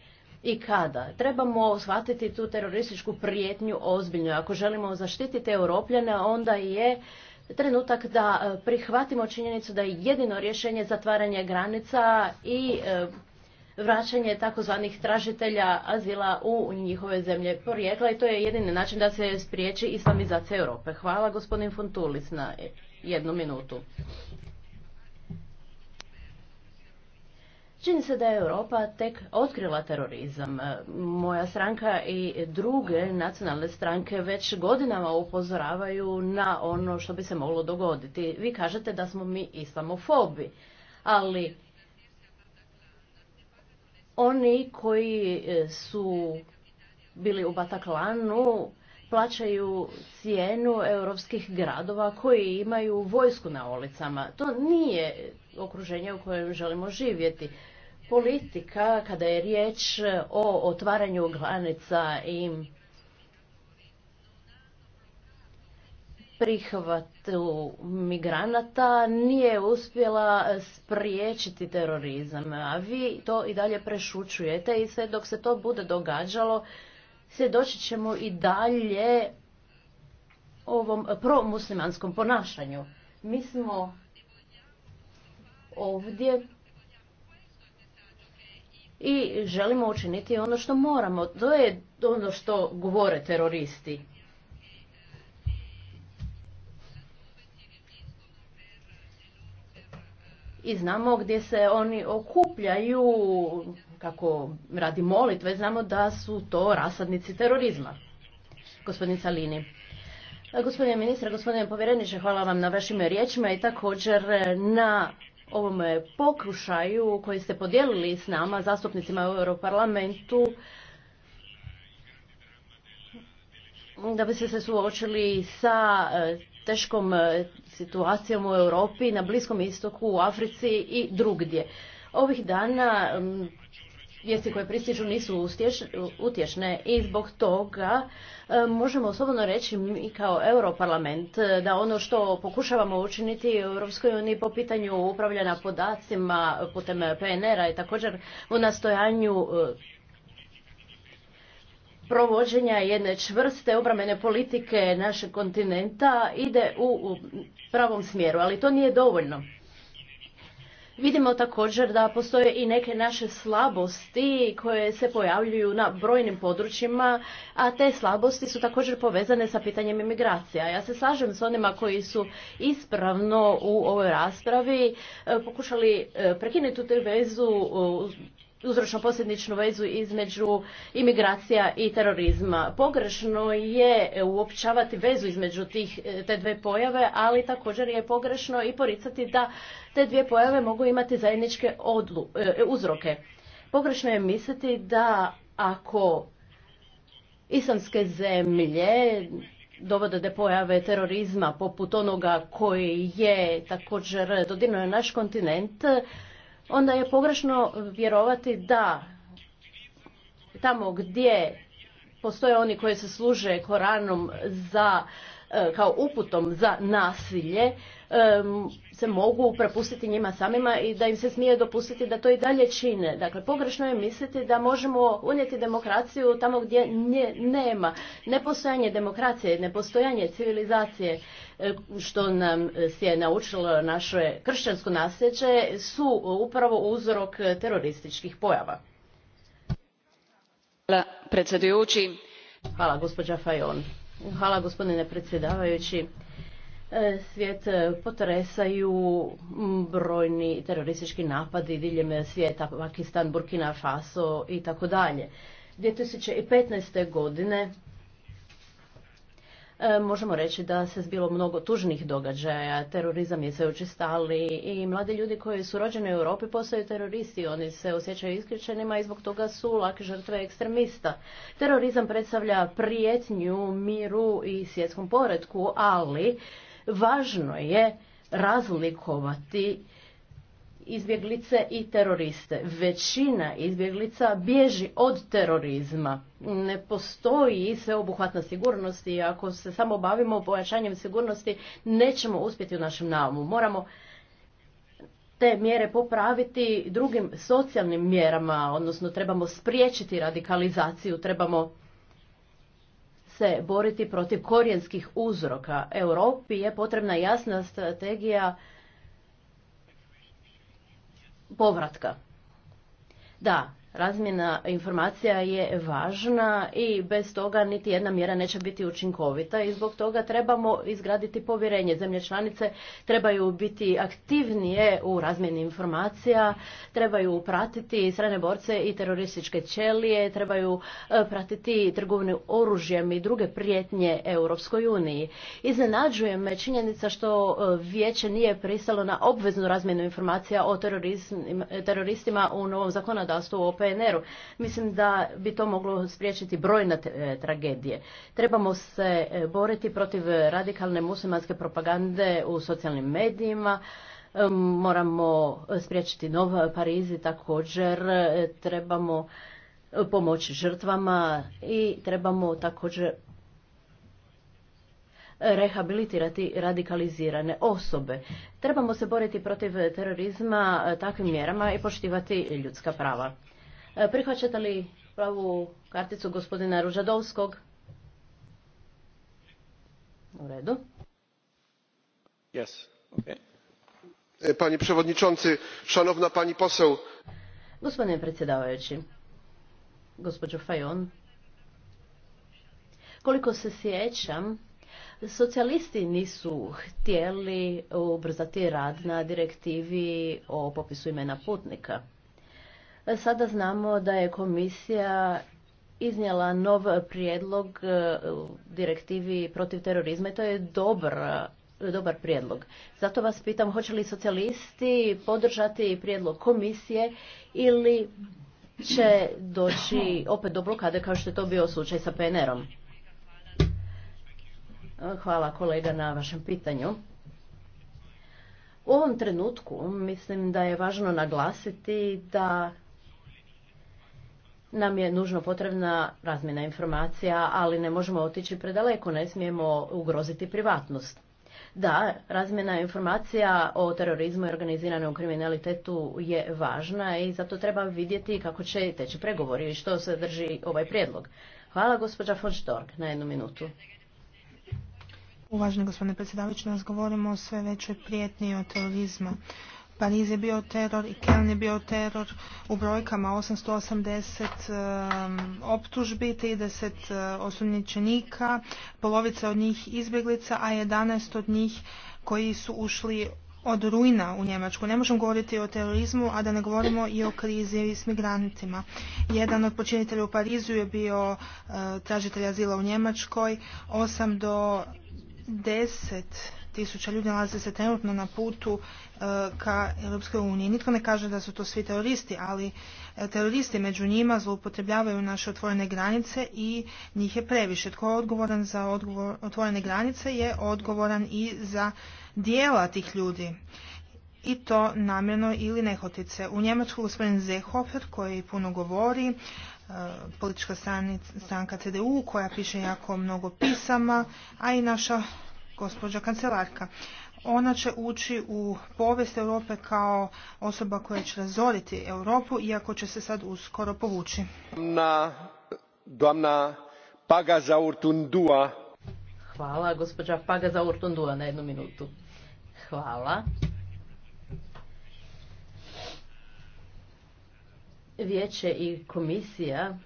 S3: i kada. Trebamo shvatiti tu terorističku prijetnju ozbiljno. Ako želimo zaštititi Europljane, onda je trenutak da e, prihvatimo činjenicu da je jedino rješenje zatvaranje granica i e, vraćanje takozvanih tražitelja azila u njihove zemlje porijekla i to je jedini način da se spriječi islamizacija Europe. Hvala gospodin Fontulis na jednu minutu. Čini se da je Europa tek otkrila terorizam. Moja stranka i druge nacionalne stranke već godinama upozoravaju na ono što bi se moglo dogoditi. Vi kažete da smo mi islamofobi, ali oni koji su bili u Bataklanu plaćaju cijenu europskih gradova koji imaju vojsku na ulicama. To nije okruženje u kojem želimo živjeti. Politika, kada je riječ o otvaranju granica i prihvatu migranata nije uspjela spriječiti terorizam, a vi to i dalje prešućujete i sve dok se to bude događalo svjedočit ćemo i dalje ovom promuslimanskom ponašanju. Mi smo ovdje i želimo učiniti ono što moramo. To je ono što govore teroristi. I znamo gdje se oni okupljaju kako radi molitve, znamo da su to rasadnici terorizma. Gospodin Salini. Gospodine ministre, gospodine povjereniče, hvala vam na vašim riječima i također na ovom pokušaju koji ste podijelili s nama, zastupnicima u Europarlamentu, da bi ste se suočili sa e, teškom e, situacijom u Europi, na Bliskom istoku, u Africi i drugdje. Ovih dana vijesti koje pristižu nisu utješne i zbog toga e, možemo osobno reći mi kao Europarlament e, da ono što pokušavamo učiniti u Europskoj uniji po pitanju upravljanja podacima putem PNR-a i također u nastojanju e, provođenja jedne čvrste obramene politike našeg kontinenta ide u pravom smjeru, ali to nije dovoljno. Vidimo također da postoje i neke naše slabosti koje se pojavljuju na brojnim područjima, a te slabosti su također povezane sa pitanjem imigracija. Ja se slažem s onima koji su ispravno u ovoj raspravi e, pokušali e, prekinuti tu vezu uzročno-posljedničnu vezu između imigracija i terorizma. Pogrešno je uopćavati vezu između tih, e, te dve pojave, ali također je pogrešno i poricati da te dvije pojave mogu imati zajedničke odlu, e, e, uzroke. Pogrešno je misliti da ako islamske zemlje dovode do pojave terorizma poput onoga koji je također dodirnuo naš kontinent, onda je pogrešno vjerovati da tamo gdje postoje oni koji se služe Koranom za e, kao uputom za nasilje e, se mogu prepustiti njima samima i da im se smije dopustiti da to i dalje čine. Dakle, pogrešno je misliti da možemo unijeti demokraciju tamo gdje nje nema. Nepostojanje demokracije, nepostojanje civilizacije E, što nam je naučilo naše kršćansko nasljeđe su upravo uzrok terorističkih pojava. Hvala, Fajon. Hvala gospodine predsjedavajući. E, svijet potresaju brojni teroristički napadi diljem svijeta, Pakistan, Burkina Faso i tako dalje. 2015. godine E, možemo reći da se zbilo mnogo tužnih događaja, terorizam je sve učistali i mladi ljudi koji su rođeni u Europi postaju teroristi, oni se osjećaju isključenima i zbog toga su lake žrtve ekstremista. Terorizam predstavlja prijetnju miru i svjetskom poredku, ali važno je razlikovati izbjeglice i teroriste. Većina izbjeglica bježi od terorizma. Ne postoji sveobuhvatna sigurnost i ako se samo bavimo pojačanjem sigurnosti nećemo uspjeti u našem naumu. Moramo te mjere popraviti drugim socijalnim mjerama, odnosno trebamo spriječiti radikalizaciju, trebamo se boriti protiv korijenskih uzroka. Europi je potrebna jasna strategija povratka. Da, Razmjena informacija je važna i bez toga niti jedna mjera neće biti učinkovita i zbog toga trebamo izgraditi povjerenje. Zemlje članice trebaju biti aktivnije u razmjeni informacija, trebaju pratiti strane borce i terorističke ćelije, trebaju e, pratiti trgovinu oružjem i druge prijetnje Europskoj uniji. Iznenađuje me činjenica što e, vijeće nije pristalo na obveznu razmjenu informacija o teroristima u novom zakonodavstvu o pnr Mislim da bi to moglo spriječiti brojne e, tragedije. Trebamo se e, boriti protiv radikalne muslimanske propagande u socijalnim medijima, e, moramo spriječiti nov Parizi također, trebamo pomoći žrtvama i trebamo također rehabilitirati radikalizirane osobe. Trebamo se boriti protiv terorizma takvim mjerama i poštivati ljudska prava. E, prihvaćate li pravu karticu gospodina Ružadovskog? U redu.
S2: E, panie przewodniczący, szanowna pani poseł.
S3: Gospodine predsjedavajući, gospođo Fajon, koliko se sjećam, socijalisti nisu htjeli ubrzati rad na direktivi o popisu imena putnika. Sada znamo da je komisija iznijela nov prijedlog e, direktivi protiv terorizma i to je dobar, dobar prijedlog. Zato vas pitam hoće li socijalisti podržati prijedlog komisije ili će doći opet do blokade kao što je to bio slučaj sa PNR-om. Hvala kolega na vašem pitanju. U ovom trenutku mislim da je važno naglasiti da nam je nužno potrebna razmjena informacija, ali ne možemo otići predaleko, ne smijemo ugroziti privatnost. Da, razmjena informacija o terorizmu i organiziranom kriminalitetu je važna i zato treba vidjeti kako će teći pregovori i što se drži ovaj prijedlog. Hvala gospođa von na jednu minutu.
S1: Uvaženi gospodine predsjedavajući, nas govorimo o sve većoj prijetnji o terorizma. Pariz je bio teror i Keln je bio teror u brojkama 880 optužbi, 30 e, osumnjičenika, polovica od njih izbjeglica, a 11 od njih koji su ušli od rujna u Njemačku. Ne možemo govoriti o terorizmu, a da ne govorimo i o krizi s migrantima. Jedan od počinitelja u Parizu je bio e, tražitelj azila u Njemačkoj, 8 do 10 tisuća ljudi nalazi se trenutno na putu e, ka Europskoj uniji. Nitko ne kaže da su to svi teroristi, ali e, teroristi među njima zloupotrebljavaju naše otvorene granice i njih je previše. Tko je odgovoran za odgovor, otvorene granice je odgovoran i za dijela tih ljudi i to namjerno ili nehotice. U Njemačku gospodin Zehofer koji puno govori, e, politička stranka CDU koja piše jako mnogo pisama, a i naša gospođa kancelarka. Ona će ući u povijest Europe kao osoba koja će razoriti Europu, iako će se sad uskoro povući.
S2: Na,
S3: Hvala, gospođa za Urtundua, na jednu minutu. Hvala. Vijeće i komisija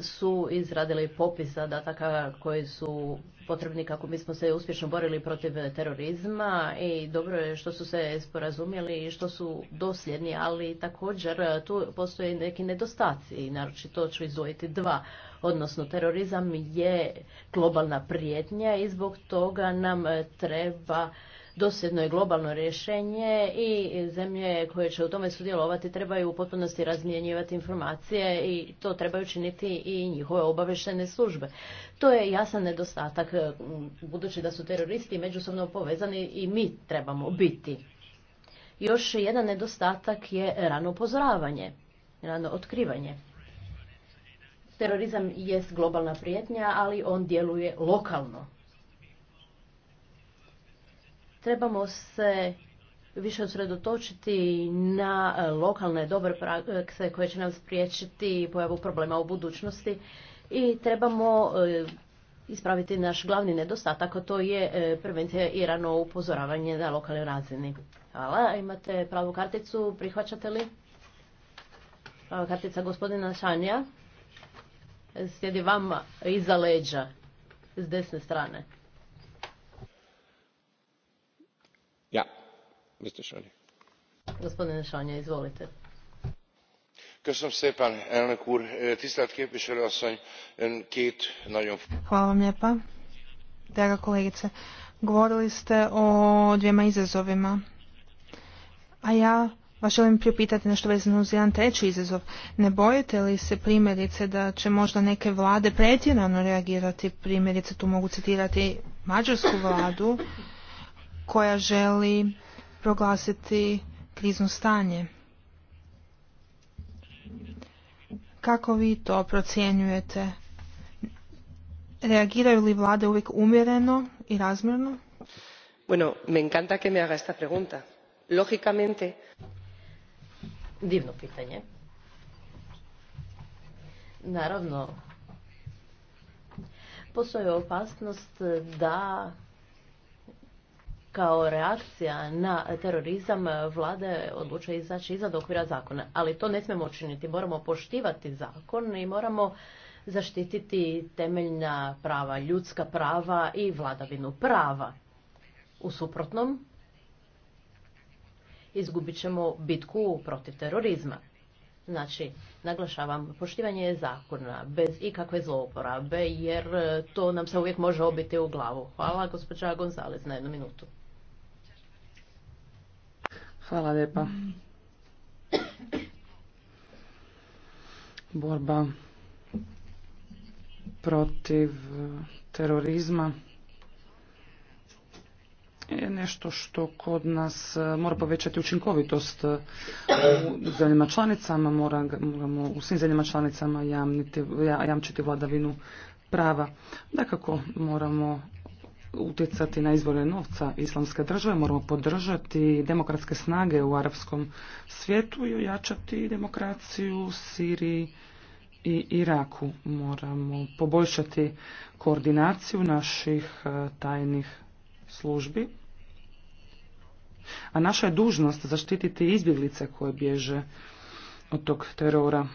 S3: su izradili popis zadataka koji su potrebni kako bismo se uspješno borili protiv terorizma i dobro je što su se sporazumjeli i što su dosljedni, ali također tu postoje neki nedostaci i naročito ću izdvojiti dva. Odnosno, terorizam je globalna prijetnja i zbog toga nam treba dosljedno je globalno rješenje i zemlje koje će u tome sudjelovati trebaju u potpunosti razmjenjivati informacije i to trebaju činiti i njihove obaveštene službe. To je jasan nedostatak mm, budući da su teroristi međusobno povezani i mi trebamo biti. Još jedan nedostatak je rano upozoravanje, rano otkrivanje. Terorizam jest globalna prijetnja, ali on djeluje lokalno. Trebamo se više usredotočiti na e, lokalne dobre prakse koje će nam spriječiti pojavu problema u budućnosti i trebamo e, ispraviti naš glavni nedostatak, a to je e, prevencija i rano upozoravanje na lokalnoj razini. Hvala, imate pravu karticu, prihvaćate li? Prava kartica gospodina Šanja. Sjedi vam iza leđa, s desne strane. Gospodine izvolite.
S2: Eh,
S1: Hvala vam lijepa. Draga kolegice, govorili ste o dvijema izazovima. A ja vas želim priupitati nešto vezano uz jedan treći izazov. Ne bojite li se primjerice da će možda neke vlade pretjerano reagirati? Primjerice tu mogu citirati mađarsku vladu koja želi proglasiti krizno stanje. Kako vi to procjenjujete? Reagiraju li vlade uvijek umjereno i razmjerno?
S2: Bueno, me encanta que me haga esta pregunta. Lógicamente...
S1: Divno
S3: pitanje. Naravno, postoji opasnost da kao reakcija na terorizam vlade odluče izaći iza okvira zakona. Ali to ne smemo učiniti. Moramo poštivati zakon i moramo zaštititi temeljna prava, ljudska prava i vladavinu prava. U suprotnom, izgubit ćemo bitku protiv terorizma. Znači, naglašavam, poštivanje je zakona bez ikakve zlouporabe, jer to nam se uvijek može obiti u glavu. Hvala, gospođa Gonzalez, na jednu
S4: minutu. Hvala lijepa. Borba protiv terorizma je nešto što kod nas mora povećati učinkovitost u zemljama članicama, moramo u svim zemljama članicama jamčiti vladavinu prava. kako moramo utjecati na izvore novca islamske države, moramo podržati demokratske snage u arapskom svijetu i ojačati demokraciju u Siriji i Iraku. Moramo poboljšati koordinaciju naših e, tajnih službi. A naša je dužnost zaštititi izbjeglice koje bježe od tog terora.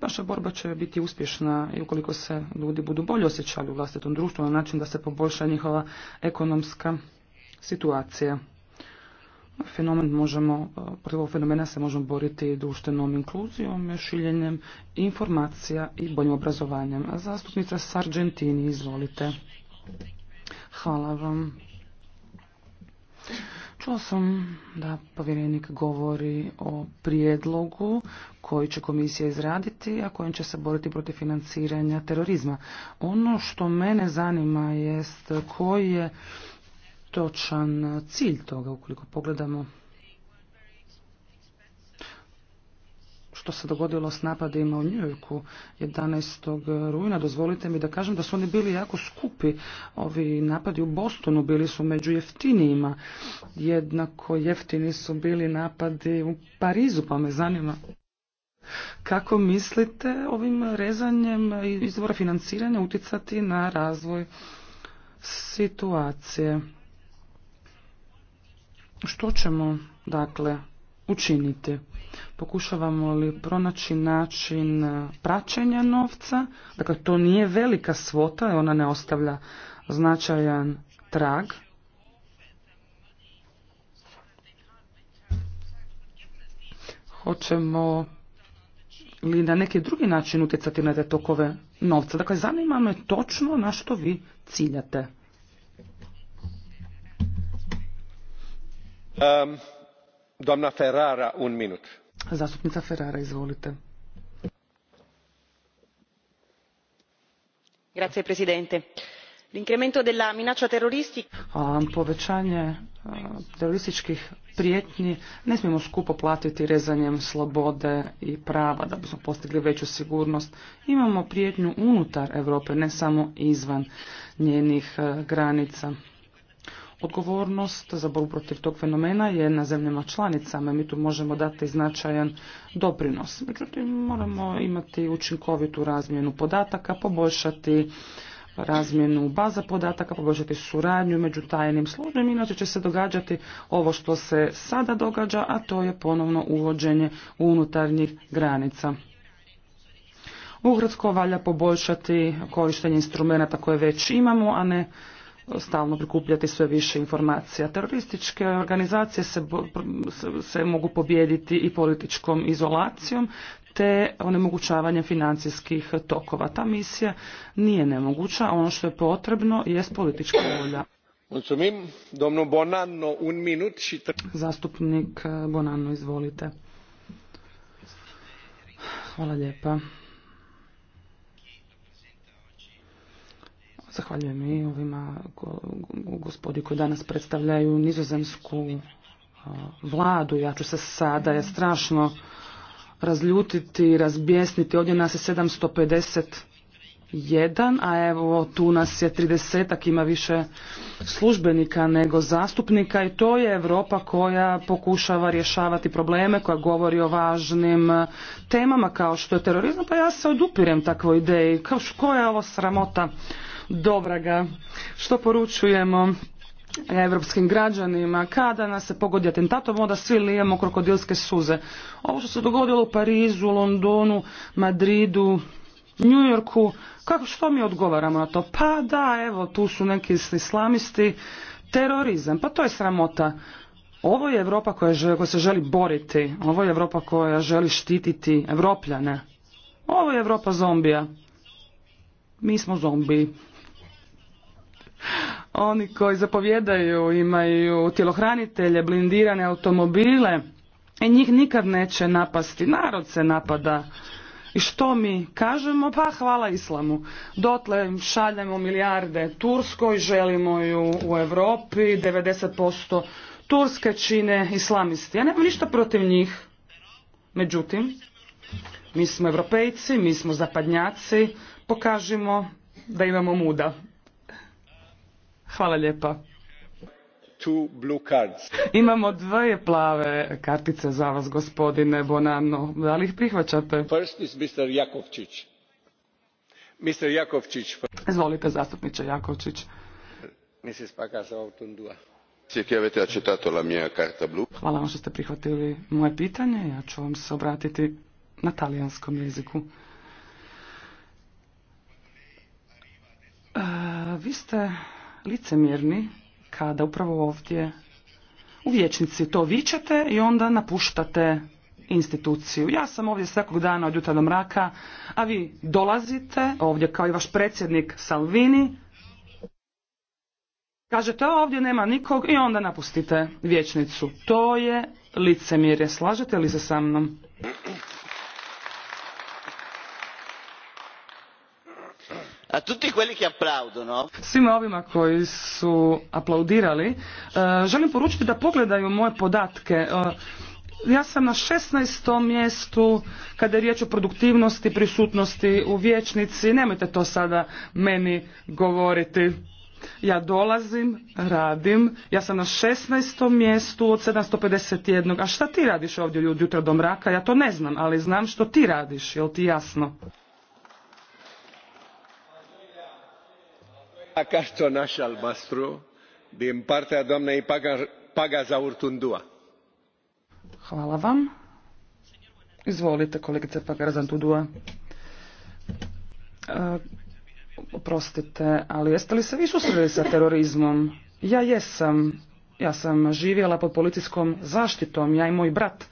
S4: Naša borba će biti uspješna i ukoliko se ljudi budu bolje osjećali u vlastitom društvu na način da se poboljša njihova ekonomska situacija. Fenomen možemo, protiv ovog fenomena se možemo boriti društvenom inkluzijom, šiljenjem informacija i boljim obrazovanjem. A zastupnica Sargentini, izvolite. Hvala vam. Čula sam da povjerenik govori o prijedlogu koji će komisija izraditi, a kojim će se boriti protiv financiranja terorizma. Ono što mene zanima jest koji je točan cilj toga ukoliko pogledamo što se dogodilo s napadima u Njujorku 11. rujna. Dozvolite mi da kažem da su oni bili jako skupi. Ovi napadi u Bostonu bili su među jeftinijima. Jednako jeftini su bili napadi u Parizu, pa me zanima kako mislite ovim rezanjem izvora financiranja uticati na razvoj situacije? Što ćemo, dakle, učiniti? Pokušavamo li pronaći način e, praćenja novca? Dakle, to nije velika svota, ona ne ostavlja značajan trag. Hoćemo li na neki drugi način utjecati na te tokove novca. Dakle, zanima me točno na što vi ciljate.
S2: Um. Ferrara,
S4: Zastupnica Ferrara, izvolite. Grazie, della Povećanje eh, terorističkih prijetnji ne smijemo skupo platiti rezanjem slobode i prava da bismo postigli veću sigurnost. Imamo prijetnju unutar Europe, ne samo izvan njenih eh, granica. Odgovornost za boru protiv tog fenomena je na zemljama članicama. Mi tu možemo dati značajan doprinos. Međutim, moramo imati učinkovitu razmjenu podataka, poboljšati razmjenu baza podataka, poboljšati suradnju među tajnim službama, inače će se događati ovo što se sada događa, a to je ponovno uvođenje unutarnjih granica. Ukratko valja poboljšati korištenje instrumenta koje već imamo, a ne stalno prikupljati sve više informacija. Terorističke organizacije se, se, mogu pobijediti i političkom izolacijom te onemogućavanje financijskih tokova. Ta misija nije nemoguća, ono što je potrebno jest politička volja. Zastupnik Bonanno, izvolite. Hvala lijepa. Zahvaljujem i ovima gospodi koji danas predstavljaju nizozemsku vladu. Ja ću se sada je strašno razljutiti, i razbjesniti. Ovdje nas je 751, a evo tu nas je 30 ima više službenika nego zastupnika i to je Europa koja pokušava rješavati probleme, koja govori o važnim temama kao što je terorizam. Pa ja se odupirem takvoj ideji. koja je ovo sramota? Dobraga. Što poručujemo europskim građanima. Kada nas se pogodi atentatom, onda svi lijemo krokodilske suze. Ovo što se dogodilo u Parizu, Londonu, Madridu, New Yorku, kako, što mi odgovaramo na to? Pa da, evo, tu su neki islamisti, terorizam, pa to je sramota. Ovo je Europa koja, se želi boriti, ovo je Europa koja želi štititi Evropljane. Ovo je Europa zombija. Mi smo zombiji. Oni koji zapovjedaju imaju tjelohranitelje, blindirane automobile i njih nikad neće napasti. Narod se napada. I što mi kažemo? Pa hvala islamu. Dotle šaljemo milijarde Turskoj, želimo ju u Europi, 90% Turske čine islamisti. Ja nemam ništa protiv njih. Međutim, mi smo evropejci, mi smo zapadnjaci, pokažimo da imamo muda. Hvala lijepa.
S2: Two blue cards.
S4: Imamo dvije plave kartice za vas, gospodine Bonanno. Da li ih prihvaćate?
S2: First is Mr. Jakovčić. Mr. Jakovčić.
S4: Izvolite, zastupniče Jakovčić.
S2: Mrs. pakasa Hvala vam što
S4: ste prihvatili moje pitanje. Ja ću vam se obratiti na talijanskom jeziku. E, vi ste licemjerni kada upravo ovdje u vječnici to vičete i onda napuštate instituciju. Ja sam ovdje svakog dana od jutra do mraka, a vi dolazite ovdje kao i vaš predsjednik Salvini, Kažete ovdje nema nikog i onda napustite vječnicu. To je licemjerje. Slažete li se sa mnom?
S2: A tutti quelli che applaudono.
S4: Svima ovima koji su aplaudirali, e, želim poručiti da pogledaju moje podatke. E, ja sam na 16. mjestu kada je riječ o produktivnosti, prisutnosti u vječnici. Nemojte to sada meni govoriti. Ja dolazim, radim, ja sam na 16. mjestu od 751. A šta ti radiš ovdje od jutra do mraka? Ja to ne znam, ali znam što ti radiš, jel ti jasno?
S2: cartonaș albastru din partea doamnei pagazaurtundua.
S4: Hvala vam. Izvolite, kolegice Pagazaurtundua. E, oprostite, ali jeste li se vi susreli sa terorizmom? Ja jesam. Ja sam živjela pod policijskom zaštitom, ja i moj brat.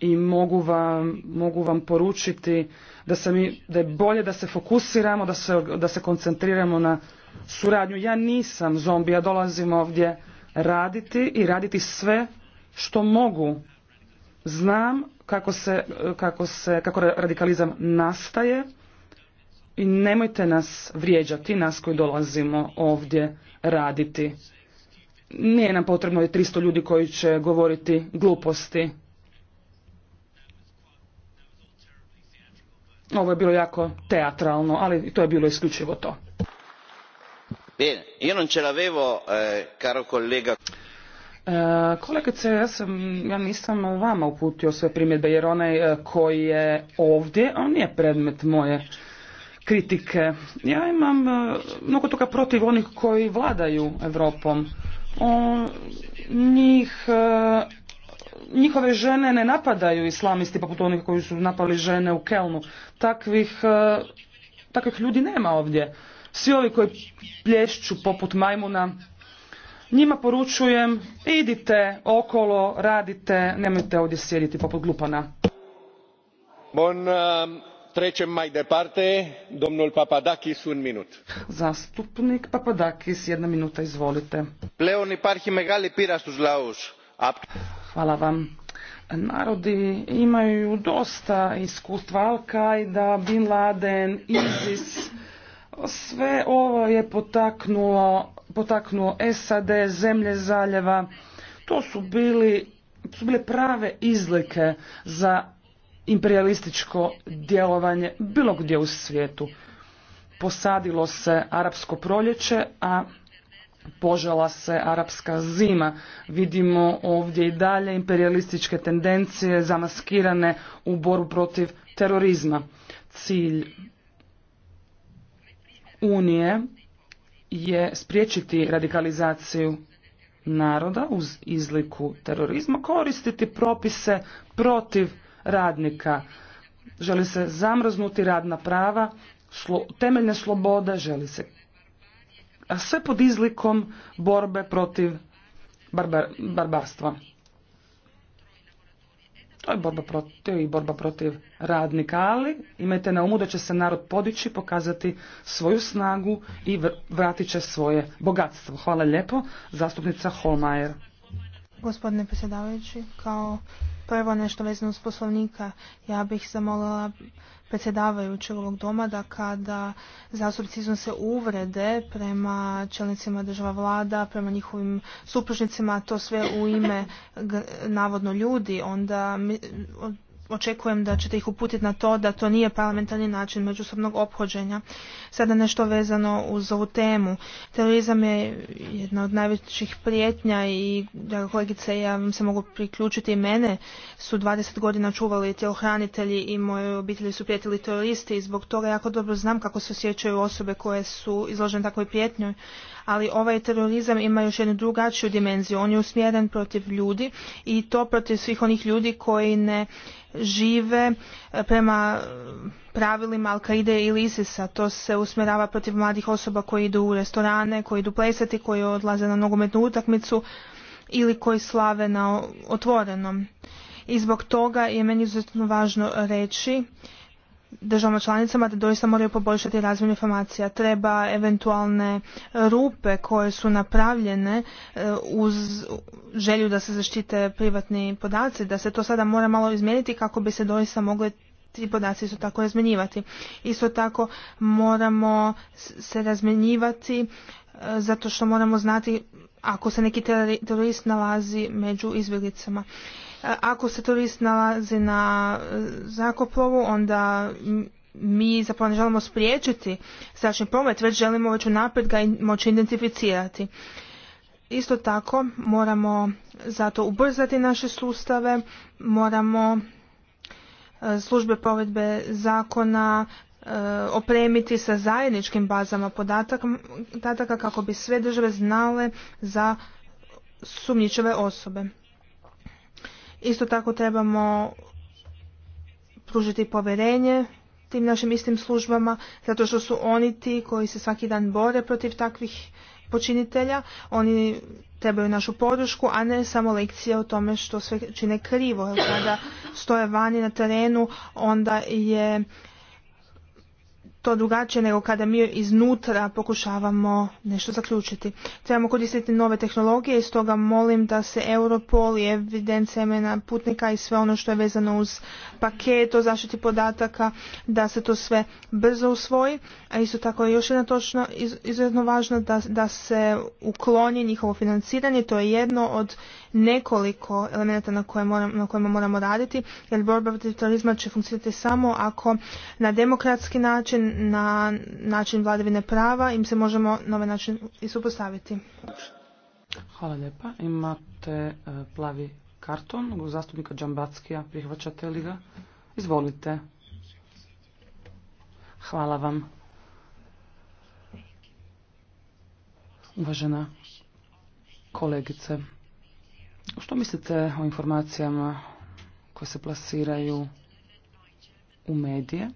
S4: I mogu vam, mogu vam poručiti da, se mi, da je bolje da se fokusiramo, da se, da se koncentriramo na suradnju. Ja nisam zombija, dolazim ovdje raditi i raditi sve što mogu. Znam kako se, kako se, kako radikalizam nastaje i nemojte nas vrijeđati, nas koji dolazimo ovdje raditi. Nije nam potrebno je 300 ljudi koji će govoriti gluposti. Ovo je bilo jako teatralno, ali to je bilo isključivo to
S2: io non eh,
S4: eh, kolegice, ja, sam, ja nisam vama uputio sve primjedbe jer onaj eh, koji je ovdje, on nije predmet moje kritike. Ja imam mnogo toga protiv onih koji vladaju Europom. njihove žene ne napadaju islamisti poput onih koji su napali žene u Kelnu. Takvih, takvih ljudi nema ovdje. Svi ovi koji plješću poput majmuna, njima poručujem, idite okolo, radite, nemojte ovdje sjediti poput glupana.
S2: Bon, um, trecem mai departe, domnul Papadakis, un minut.
S4: Zastupnik Papadakis, jedna minuta, izvolite.
S2: Pleon iparhi megali
S4: Hvala vam. Narodi imaju dosta iskustva Al-Qaida, Bin Laden, ISIS, sve ovo je potaknulo, potaknulo SAD, zemlje zaljeva. To su, bili, su bile prave izlike za imperialističko djelovanje bilo gdje u svijetu. Posadilo se arapsko proljeće, a požala se arapska zima. Vidimo ovdje i dalje imperialističke tendencije zamaskirane u boru protiv terorizma. Cilj unije je spriječiti radikalizaciju naroda uz izliku terorizma, koristiti propise protiv radnika. Želi se zamrznuti radna prava, temeljne slobode, želi se a sve pod izlikom borbe protiv barbarstva. To je borba protiv i borba protiv radnika, ali imajte na umu da će se narod podići, pokazati svoju snagu i vratit će svoje bogatstvo. Hvala lijepo, zastupnica Holmajer.
S1: Gospodine predsjedavajući, kao prvo nešto vezano s poslovnika, ja bih zamolila predsjedavajućeg ovog doma da kada zastupnici iznose uvrede prema čelnicima država vlada, prema njihovim supružnicima, to sve u ime navodno ljudi, onda očekujem da ćete ih uputiti na to da to nije parlamentarni način međusobnog ophođenja. Sada nešto vezano uz ovu temu. Terorizam je jedna od najvećih prijetnja i, draga kolegice, ja vam se mogu priključiti i mene. Su 20 godina čuvali tjelohranitelji i moje obitelji su prijetili teroristi i zbog toga jako dobro znam kako se osjećaju osobe koje su izložene takvoj prijetnjoj ali ovaj terorizam ima još jednu drugačiju dimenziju. On je usmjeren protiv ljudi i to protiv svih onih ljudi koji ne žive e, prema e, pravilima Al-Qaide ili Isisa. To se usmjerava protiv mladih osoba koji idu u restorane, koji idu plesati, koji odlaze na nogometnu utakmicu ili koji slave na otvorenom. I zbog toga je meni izuzetno važno reći državama članicama da doista moraju poboljšati razmjenu informacija. Treba eventualne rupe koje su napravljene e, uz želju da se zaštite privatni podaci, da se to sada mora malo izmijeniti kako bi se doista mogli ti podaci isto tako razmjenjivati. Isto tako moramo se razmjenjivati e, zato što moramo znati ako se neki terorist nalazi među izbjeglicama. Ako se turist nalazi na e, zakoplovu, onda mi zapravo ne želimo spriječiti zračni promet, već želimo već unaprijed ga moći identificirati. Isto tako moramo zato ubrzati naše sustave, moramo e, službe provedbe zakona e, opremiti sa zajedničkim bazama podataka kako bi sve države znale za sumnjičave osobe. Isto tako trebamo pružiti povjerenje tim našim istim službama, zato što su oni ti koji se svaki dan bore protiv takvih počinitelja. Oni trebaju našu podršku, a ne samo lekcije o tome što sve čine krivo. kada stoje vani na terenu, onda je to drugačije nego kada mi iznutra pokušavamo nešto zaključiti. Trebamo koristiti nove tehnologije i stoga molim da se Europol i evidencija imena putnika i sve ono što je vezano uz paket o zaštiti podataka, da se to sve brzo usvoji. A isto tako je još jedna točno izuzetno važno da, da se ukloni njihovo financiranje. To je jedno od nekoliko elemenata na, koje na kojima moramo raditi jer borba protiv terorizma će funkcionirati samo ako na demokratski način na način vladavine prava im se možemo na ovaj način i supostaviti.
S4: Hvala lijepa. Imate e, plavi karton zastupnika Džambackija. Prihvaćate li ga? Izvolite. Hvala vam. Uvažena kolegice, što mislite o informacijama koje se plasiraju u medije?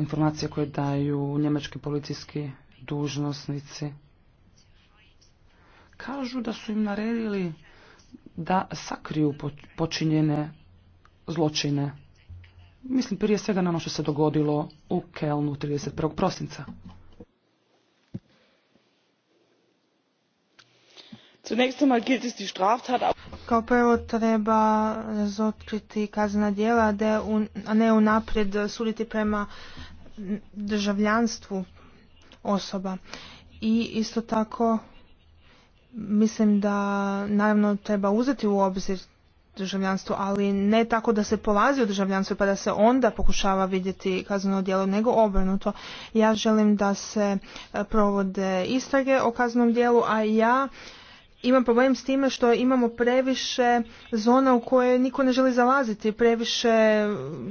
S4: informacije koje daju njemački policijski dužnosnici. Kažu da su im naredili da sakriju počinjene zločine. Mislim prije svega na ono što se dogodilo u Kelnu 31. prosinca.
S1: Zunächst einmal gilt es die Straftat kao prvo treba razotkriti kazna djela, a ne unaprijed suditi prema državljanstvu osoba. I isto tako mislim da naravno treba uzeti u obzir državljanstvo, ali ne tako da se polazi u državljanstvo pa da se onda pokušava vidjeti kazneno djelo, nego obrnuto. Ja želim da se e, provode istrage o kaznenom djelu, a ja imam problem s time što imamo previše zona u koje niko ne želi zalaziti, previše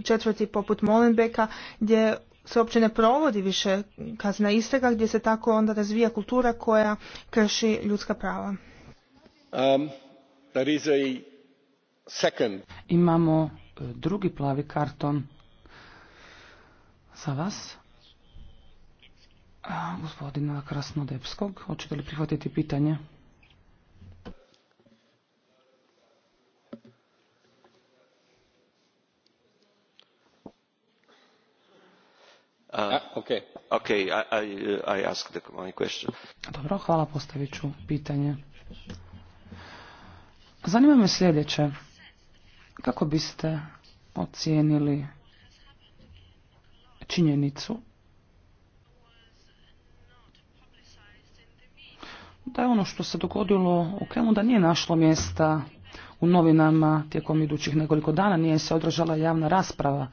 S1: četvrti poput Molenbeka gdje se uopće ne provodi više kazna istraga gdje se tako onda razvija kultura koja krši ljudska prava.
S2: Um, second.
S4: Imamo e, drugi plavi karton za vas. Gospodina Krasnodepskog, hoćete li prihvatiti pitanje? Dobro, hvala, postavit ću pitanje. Zanima me sljedeće. Kako biste ocijenili činjenicu da je ono što se dogodilo u Kremu da nije našlo mjesta u novinama tijekom idućih nekoliko dana, nije se održala javna rasprava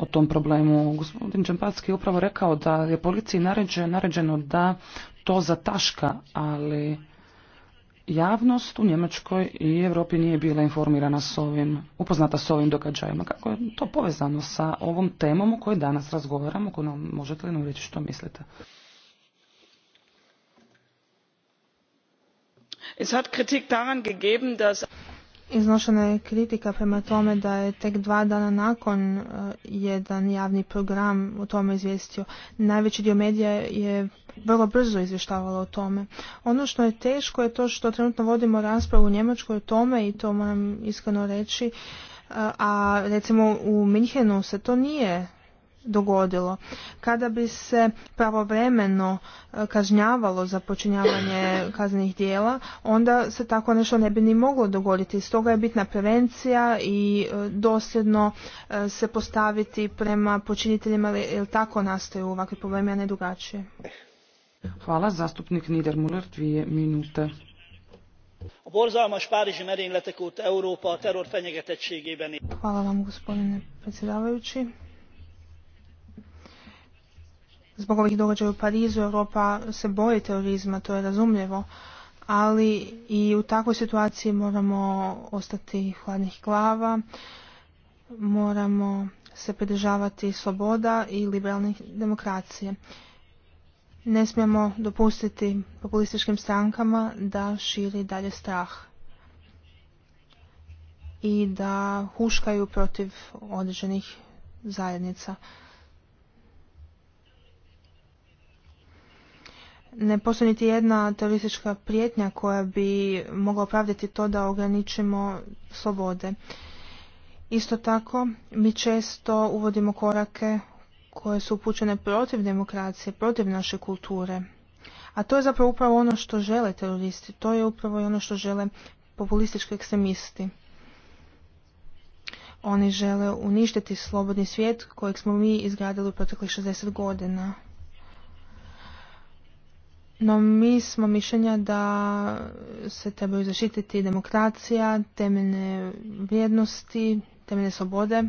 S4: o tom problemu. Gospodin Čempatski je upravo rekao da je policiji naređeno da to zataška, ali javnost u Njemačkoj i Europi nije bila informirana s ovim, upoznata s ovim događajima. Kako je to povezano sa ovom temom o kojoj danas razgovaramo, nam možete li nam reći što mislite?
S2: Es hat Kritik daran gegeben, dass
S1: Iznošena je kritika prema tome da je tek dva dana nakon e, jedan javni program o tome izvijestio. Najveći dio medija je vrlo brzo izvještavalo o tome. Ono što je teško je to što trenutno vodimo raspravu u Njemačkoj o tome i to moram iskreno reći, e, a recimo u Minhenu se to nije dogodilo. Kada bi se pravovremeno e, kažnjavalo za počinjavanje [CLEARS THROAT] kaznenih dijela, onda se tako nešto ne bi ni moglo dogoditi. Stoga je bitna prevencija i e, dosljedno e, se postaviti prema počiniteljima, jer tako nastaju ovakvi problemi, a ne drugačije.
S4: Hvala, zastupnik Muller, dvije minute.
S2: A borzalmas
S1: Hvala vam, gospodine predsjedavajući zbog ovih događaja u Parizu Europa se boji terorizma, to je razumljivo, ali i u takvoj situaciji moramo ostati hladnih glava, moramo se pridržavati sloboda i liberalnih demokracije. Ne smijemo dopustiti populističkim strankama da širi dalje strah i da huškaju protiv određenih zajednica. ne postoji niti jedna teroristička prijetnja koja bi mogla opravdati to da ograničimo slobode. Isto tako, mi često uvodimo korake koje su upućene protiv demokracije, protiv naše kulture. A to je zapravo upravo ono što žele teroristi, to je upravo i ono što žele populistički ekstremisti. Oni žele uništiti slobodni svijet kojeg smo mi izgradili u proteklih 60 godina. No mi smo mišljenja da se trebaju zaštititi demokracija, temeljne vrijednosti, temeljne slobode,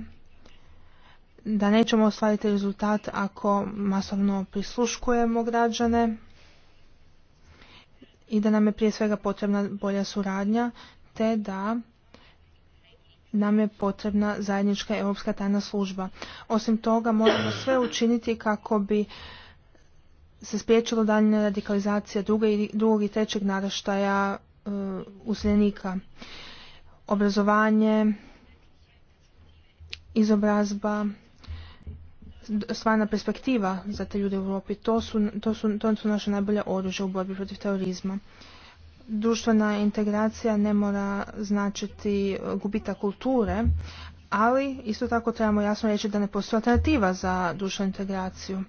S1: da nećemo ostvariti rezultat ako masovno prisluškujemo građane i da nam je prije svega potrebna bolja suradnja, te da nam je potrebna zajednička europska tajna služba. Osim toga moramo sve učiniti kako bi se spriječilo daljnja radikalizacija drugog i trećeg naraštaja e, usljenika. Obrazovanje, izobrazba, stvarna perspektiva za te ljude u Europi, to su, naše najbolje oružje u borbi protiv terorizma. Društvena integracija ne mora značiti e, gubita kulture, ali isto tako trebamo jasno reći da ne postoji alternativa za društvenu integraciju.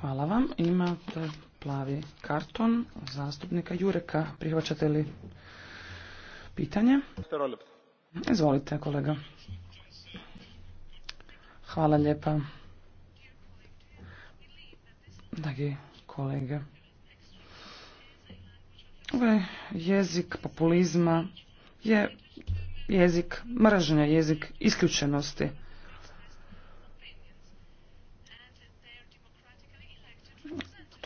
S4: Hvala vam. Imate plavi karton zastupnika Jureka. Prihvaćate li pitanje?
S2: Izvolite, kolega.
S4: Hvala lijepa. Dragi kolege. Ovaj jezik populizma je jezik mržnja jezik isključenosti.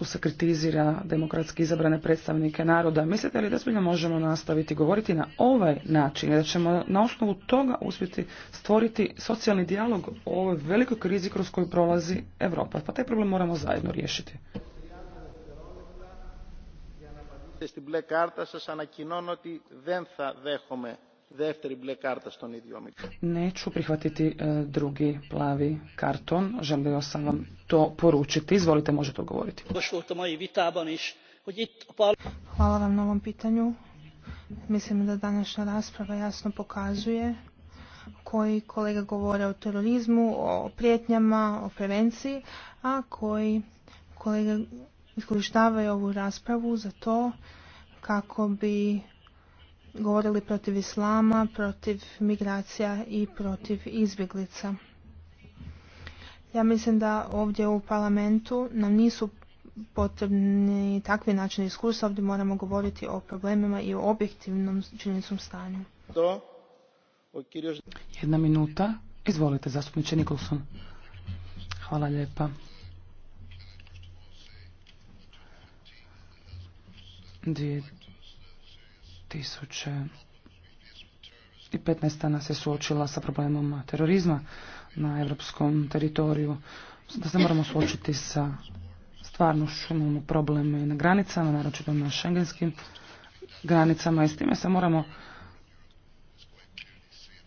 S4: tu se kritizira demokratski izabrane predstavnike naroda. Mislite li da zbilja možemo nastaviti govoriti na ovaj način, da ćemo na osnovu toga uspjeti stvoriti socijalni dijalog o ovoj velikoj krizi kroz koju prolazi Europa? Pa taj problem moramo zajedno riješiti.
S2: Στην μπλε κάρτα σας ανακοινώνω
S4: Neću prihvatiti e, drugi plavi karton. Želio sam vam to poručiti. Izvolite, možete odgovoriti.
S1: Hvala vam na ovom pitanju. Mislim da današnja rasprava jasno pokazuje koji kolega govore o terorizmu, o prijetnjama, o prevenciji, a koji kolega iskorištavaju ovu raspravu za to kako bi govorili protiv islama, protiv migracija i protiv izbjeglica. Ja mislim da ovdje u parlamentu nam nisu potrebni takvi načini iskursa ovdje moramo govoriti o problemima i o objektivnom činjenicom stanju.
S4: Jedna minuta. Izvolite, zastupniče Nikolson. Hvala lijepa. Dvije 2015. nas je suočila sa problemom terorizma na europskom teritoriju, da se moramo suočiti sa stvarnošću, imamo probleme na granicama, naročito na šengenskim granicama i s time se moramo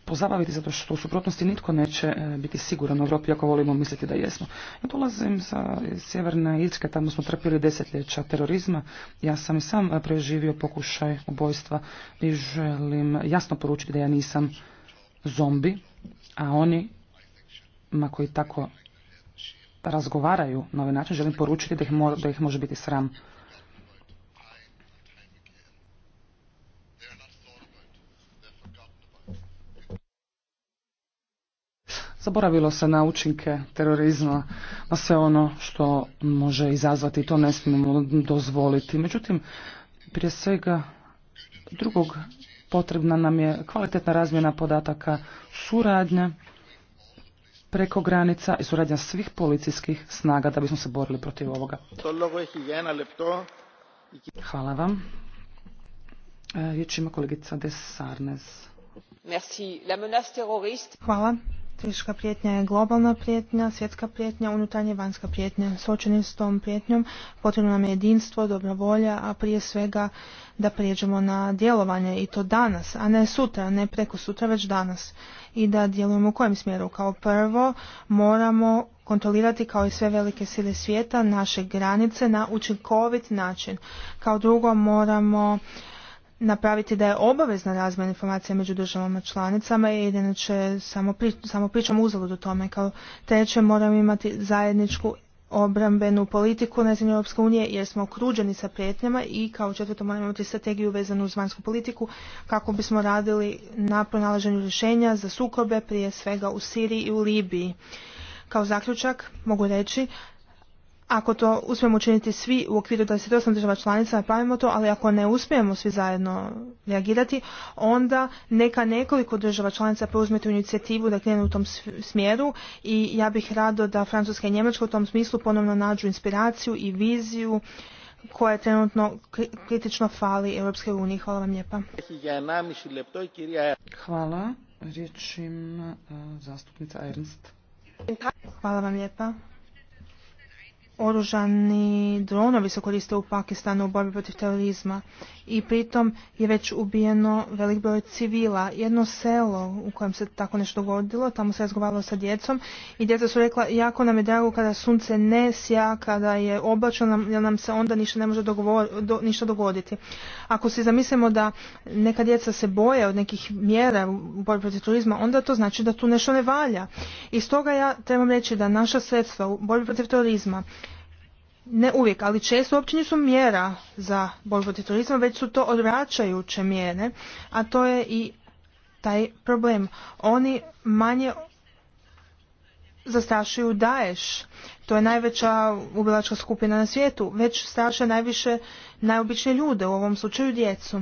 S4: pozabaviti zato što u suprotnosti nitko neće e, biti siguran u Europi ako volimo misliti da jesmo. Ja dolazim sa sjeverne Irske, tamo smo trpili desetljeća terorizma. Ja sam i sam e, preživio pokušaj ubojstva i želim jasno poručiti da ja nisam zombi, a oni ma koji tako razgovaraju na ovaj način, želim poručiti da ih može biti sram. Zaboravilo se na učinke terorizma, na sve ono što može izazvati i to ne smijemo dozvoliti. Međutim, prije svega drugog potrebna nam je kvalitetna razmjena podataka, suradnja preko granica i suradnja svih policijskih snaga da bismo se borili protiv ovoga. Hvala vam. E, riječ ima kolegica Desarnes.
S1: Hvala. Teška prijetnja je globalna prijetnja, svjetska prijetnja, unutarnja i vanjska prijetnja. Suočeni s tom prijetnjom potrebno nam je jedinstvo, dobra volja, a prije svega da prijeđemo na djelovanje i to danas, a ne sutra, ne preko sutra, već danas. I da djelujemo u kojem smjeru? Kao prvo moramo kontrolirati kao i sve velike sile svijeta naše granice na učinkovit način. Kao drugo moramo napraviti da je obavezna razmjena informacija među državama članicama i da inače samo, pri, samo do uzalud o tome. Kao treće moramo imati zajedničku obrambenu politiku na zemlji Europske unije jer smo okruđeni sa prijetnjama i kao četvrto moramo imati strategiju vezanu uz vanjsku politiku kako bismo radili na pronalaženju rješenja za sukobe prije svega u Siriji i u Libiji. Kao zaključak mogu reći ako to uspijemo učiniti svi u okviru 28 država članica, napravimo to, ali ako ne uspijemo svi zajedno reagirati, onda neka nekoliko država članica preuzmete tu inicijativu da krenu u tom smjeru i ja bih rado da Francuska i Njemačka u tom smislu ponovno nađu inspiraciju i viziju koja je trenutno kritično fali Europske unije. Hvala vam lijepa. Hvala. Riječ e, zastupnica Ernst. Hvala vam lijepa oružani dronovi se koriste u Pakistanu u borbi protiv terorizma i pritom je već ubijeno velik broj civila. Jedno selo u kojem se tako nešto dogodilo, tamo se razgovaralo sa djecom i djeca su rekla jako nam je drago kada sunce ne sja, kada je oblačno, jer nam se onda ništa ne može ništa dogoditi. Ako si zamislimo da neka djeca se boje od nekih mjera u borbi protiv turizma, onda to znači da tu nešto ne valja. I stoga ja trebam reći da naša sredstva u borbi protiv turizma ne uvijek, ali često uopće nisu mjera za borbu protiv terorizma, već su to odvraćajuće mjere, a to je i taj problem. Oni manje zastrašuju Daesh. To je najveća ubilačka skupina na svijetu. Već straše najviše najobičnije ljude, u ovom slučaju djecu.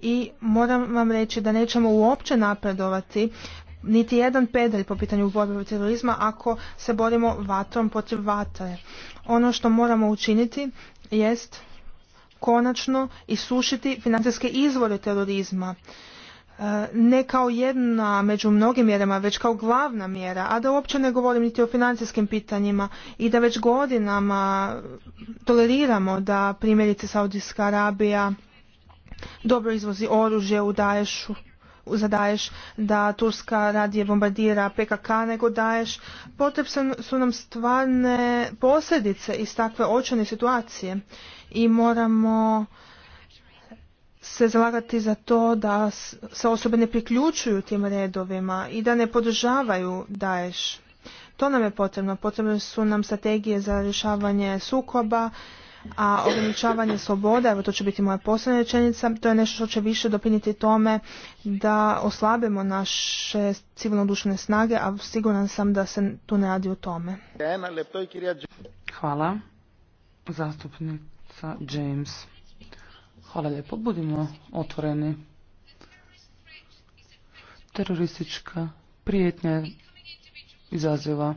S1: I moram vam reći da nećemo uopće napredovati niti jedan pedalj po pitanju borbe protiv terorizma ako se borimo vatrom protiv vatre. Ono što moramo učiniti jest konačno isušiti financijske izvore terorizma e, ne kao jedna među mnogim mjerama, već kao glavna mjera, a da uopće ne govorim niti o financijskim pitanjima i da već godinama toleriramo da primjerice Saudijska Arabija dobro izvozi oružje u Daješu za da Turska radije bombardira PKK nego Daješ. Potrebne su nam stvarne posljedice iz takve očane situacije i moramo se zalagati za to da se osobe ne priključuju tim redovima i da ne podržavaju Daješ. To nam je potrebno. Potrebne su nam strategije za rješavanje sukoba a ograničavanje sloboda, evo to će biti moja posljednja rečenica, to je nešto što će više dopiniti tome da oslabimo naše civilno dušne snage, a siguran sam da se tu ne radi o tome.
S4: Hvala. Zastupnica James. Hvala lijepo. Budimo otvoreni. Teroristička prijetnja izaziva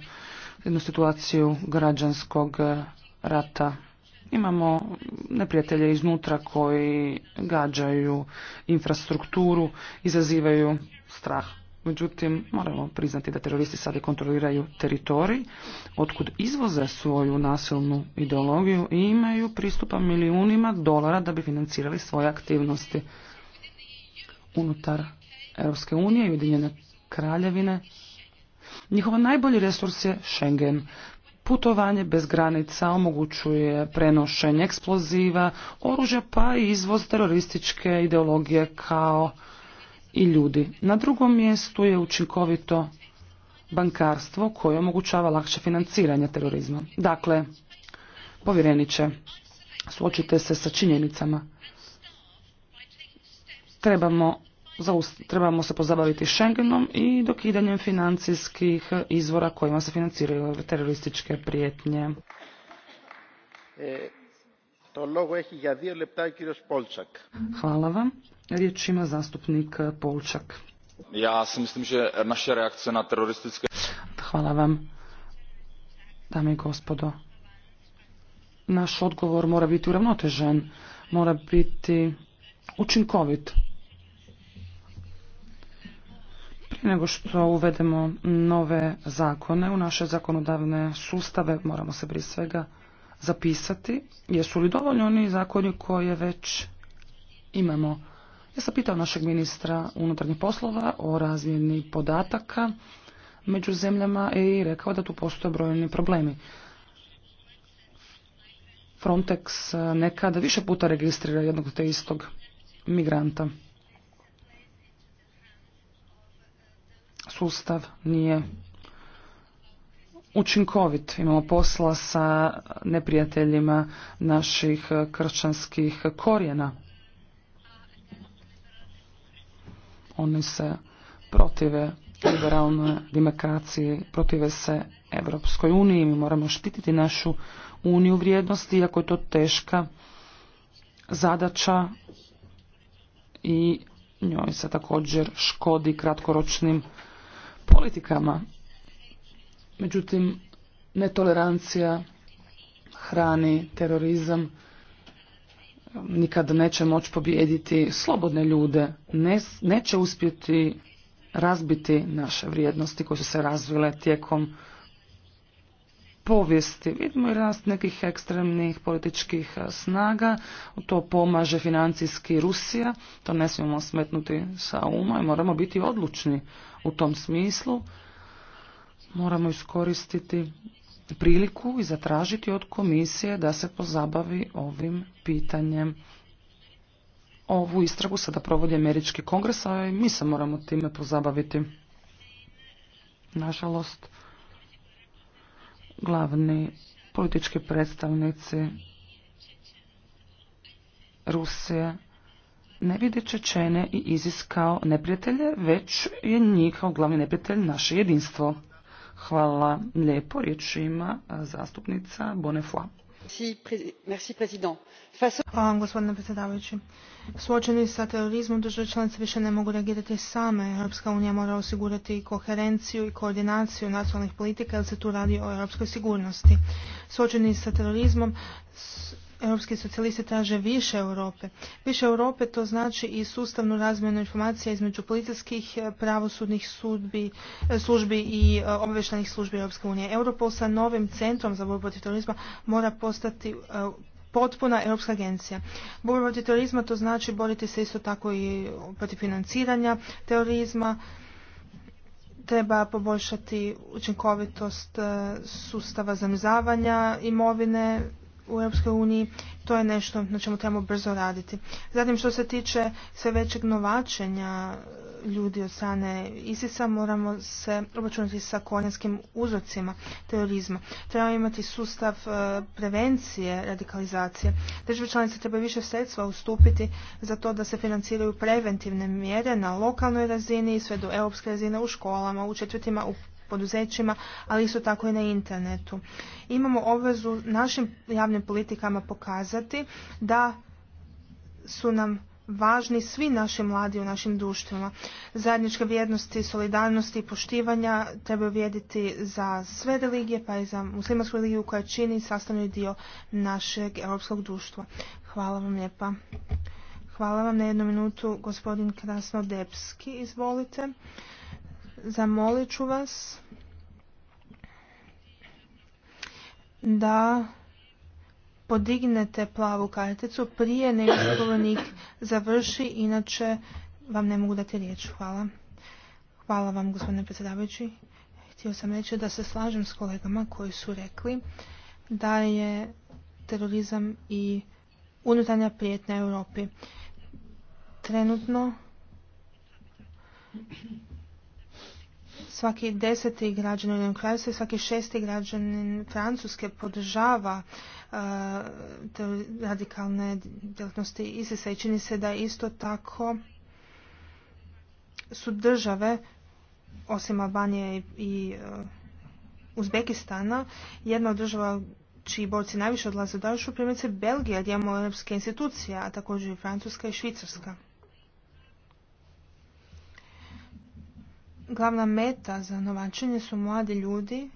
S4: jednu situaciju građanskog rata Imamo neprijatelje iznutra koji gađaju infrastrukturu, izazivaju strah. Međutim, moramo priznati da teroristi sada kontroliraju teritorij, otkud izvoze svoju nasilnu ideologiju i imaju pristupa milijunima dolara da bi financirali svoje aktivnosti. Unutar Europske unije i Ujedinjene kraljevine njihov najbolji resurs je Schengen. Putovanje bez granica omogućuje prenošenje eksploziva, oružja pa i izvoz terorističke ideologije kao i ljudi. Na drugom mjestu je učinkovito bankarstvo koje omogućava lakše financiranje terorizma. Dakle, povjereniče, suočite se sa činjenicama. Trebamo trebamo se pozabaviti Schengenom i dokidanjem financijskih izvora kojima se financiraju terorističke prijetnje. Eh, Hvala vam. Riječ ima zastupnik Polčak.
S2: Ja mislim že na terorističke...
S4: Hvala vam. Dame i gospodo, naš odgovor mora biti uravnotežen, mora biti učinkovit. nego što uvedemo nove zakone u naše zakonodavne sustave, moramo se prije svega zapisati, jesu li dovoljni oni zakoni koje već imamo. Ja sam pitao našeg ministra unutarnjih poslova o razmjeni podataka među zemljama i rekao da tu postoje brojni problemi. Frontex nekada više puta registrira jednog te istog migranta. sustav nije učinkovit. Imamo posla sa neprijateljima naših kršćanskih korijena. Oni se protive liberalnoj demokraciji, protive se Evropskoj uniji. Mi moramo štititi našu uniju vrijednosti, iako je to teška zadaća i njoj se također škodi kratkoročnim politikama. Međutim, netolerancija hrani terorizam nikad neće moći pobijediti slobodne ljude, neće uspjeti razbiti naše vrijednosti koje su se razvile tijekom povijesti. Vidimo i rast nekih ekstremnih političkih e, snaga, to pomaže financijski Rusija, to ne smijemo smetnuti sa uma i moramo biti odlučni u tom smislu moramo iskoristiti priliku i zatražiti od komisije da se pozabavi ovim pitanjem. Ovu istragu sada provodi Američki kongres, a i mi se moramo time pozabaviti. Nažalost, glavni politički predstavnici Rusije ne vidi Čečene i iziskao neprijatelje, već je njih kao glavni neprijatelj naše jedinstvo. Hvala lijepo, riječ ima zastupnica Bonnefoy.
S1: Hvala vam gospodine predsjedavajući. Suočeni sa terorizmom države članice više ne mogu reagirati same. Europska unija mora osigurati koherenciju i koordinaciju nacionalnih politika jer se tu radi o europskoj sigurnosti. Suočeni sa terorizmom Europski socijalisti traže više Europe. Više Europe to znači i sustavnu razmjenu informacija između policijskih eh, pravosudnih sudbi, eh, službi i eh, obveštenih službi Europske unije. Europol sa novim centrom za borbu protiv terorizma mora postati potpuna Europska agencija. Borba protiv terorizma to znači boriti se isto tako i protiv financiranja terorizma, treba poboljšati učinkovitost sustava zamizavanja imovine u EU to je nešto na čemu trebamo brzo raditi. Zatim što se tiče sve većeg novačenja ljudi od strane ISIS-a, moramo se obračunati sa korijenskim uzrocima terorizma. Trebamo imati sustav e, prevencije radikalizacije. Države članice treba više sredstva ustupiti za to da se financiraju preventivne mjere na lokalnoj razini i sve do europske razine u školama, u četvrtima, u poduzećima, ali isto tako i na internetu. Imamo obvezu našim javnim politikama pokazati da su nam važni svi naši mladi u našim društvima. Zajedničke vrijednosti, solidarnosti i poštivanja trebaju vrijediti za sve religije, pa i za muslimansku religiju koja čini sastavni dio našeg europskog društva. Hvala vam lijepa. Hvala vam na jednu minutu, gospodin Krasnodepski, izvolite. Zamolit ću vas da podignete plavu karticu prije nego što govornik završi, inače vam ne mogu dati riječ. Hvala. Hvala vam, gospodine predsjedavajući. Htio sam reći da se slažem s kolegama koji su rekli da je terorizam i unutarnja prijetnja Europi. Trenutno Svaki deseti građanin u i svaki šesti građanin Francuske podržava uh, radikalne djelatnosti isis i čini se da isto tako su države, osim Albanije i, uh, Uzbekistana, jedna od država čiji borci najviše odlaze u Dašu, primjerice Belgija, gdje imamo europske institucije, a također i Francuska i Švicarska. glavna meta za novačenje su mladi ljudi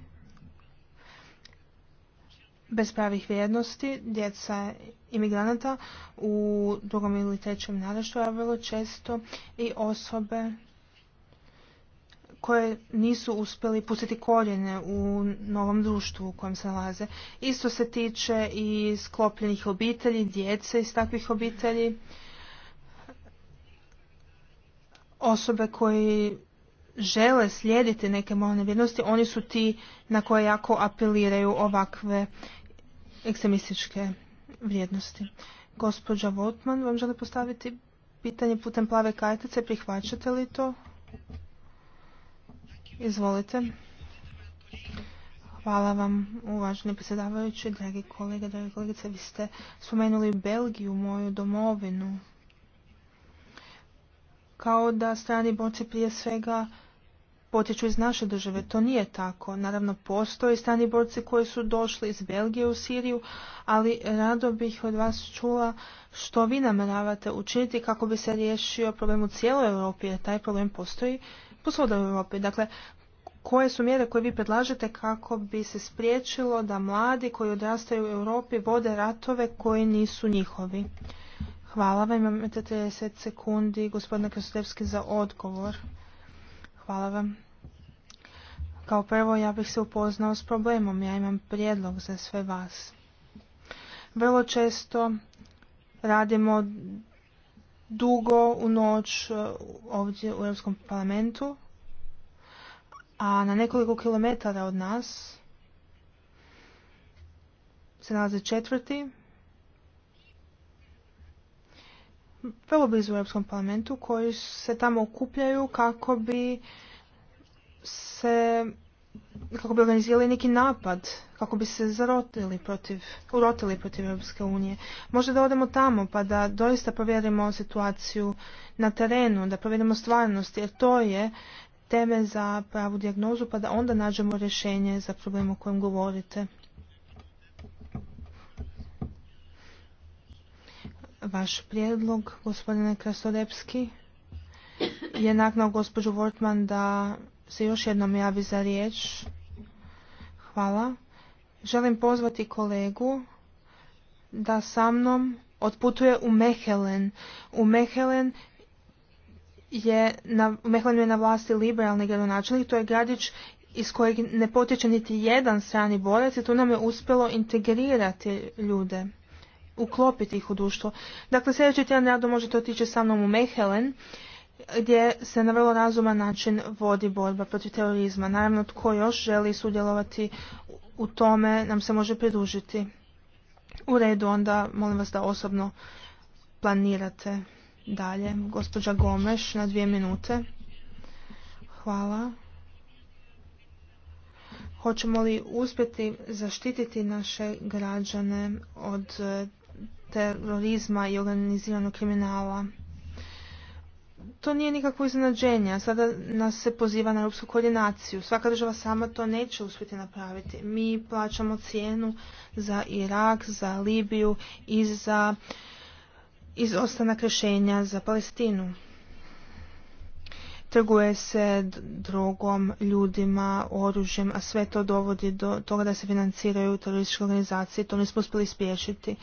S1: bez pravih vrijednosti, djeca imigranata u drugom ili trećem naraštaju, a vrlo često i osobe koje nisu uspjeli pustiti korijene u novom društvu u kojem se nalaze. Isto se tiče i sklopljenih obitelji, djece iz takvih obitelji, osobe koji žele slijediti neke moralne vrijednosti, oni su ti na koje jako apeliraju ovakve ekstremističke vrijednosti. Gospođa Votman vam želi postaviti pitanje putem plave kartice. Prihvaćate li to? Izvolite. Hvala vam, uvaženi predsjedavajući, dragi kolege, dragi kolegice. Vi ste spomenuli Belgiju, moju domovinu. Kao da strani borci prije svega potječu iz naše države. To nije tako. Naravno, postoje strani borci koji su došli iz Belgije u Siriju, ali rado bih od vas čula što vi namjeravate učiniti kako bi se riješio problem u cijeloj Europi, jer taj problem postoji po u Europi. Dakle, koje su mjere koje vi predlažete kako bi se spriječilo da mladi koji odrastaju u Europi vode ratove koji nisu njihovi? Hvala vam, imate 30 sekundi, gospodine Krasodevski, za odgovor. Hvala vam. Kao prvo ja bih se upoznao s problemom, ja imam prijedlog za sve vas. Vrlo često radimo dugo u noć e, ovdje u Europskom parlamentu, a na nekoliko kilometara od nas se nalazi četvrti vrlo blizu u Europskom parlamentu koji se tamo okupljaju kako bi se kako bi organizirali neki napad, kako bi se zarotili protiv, urotili protiv Europske unije. Možda da odemo tamo pa da doista provjerimo situaciju na terenu, da provjerimo stvarnost, jer to je teme za pravu dijagnozu, pa da onda nađemo rješenje za problem o kojem govorite. Vaš prijedlog, gospodine Krasodepski, je naknao gospođu Wortman da se još jednom javi za riječ. Hvala. Želim pozvati kolegu da sa mnom otputuje u Mehelen. U Mehelen je na, u je na vlasti liberalni gradonačelnik, to je gradić iz kojeg ne potječe niti jedan strani borac i tu nam je uspjelo integrirati ljude uklopiti ih u društvo. Dakle, sljedeći tjedan rado možete otići sa mnom u Mehelen, gdje se na vrlo razuman način vodi borba protiv terorizma. Naravno, tko još želi sudjelovati u tome, nam se može pridružiti. U redu, onda molim vas da osobno planirate dalje. Gospođa Gomeš, na dvije minute. Hvala. Hoćemo li uspjeti zaštititi naše građane od terorizma i organiziranog kriminala. To nije nikakvo iznenađenje. Sada nas se poziva na europsku koordinaciju. Svaka država sama to neće uspjeti napraviti. Mi plaćamo cijenu za Irak, za Libiju i za izostanak rješenja za Palestinu trguje se drogom, ljudima, oružjem, a sve to dovodi do toga da se financiraju terorističke organizacije. To nismo uspjeli spriječiti.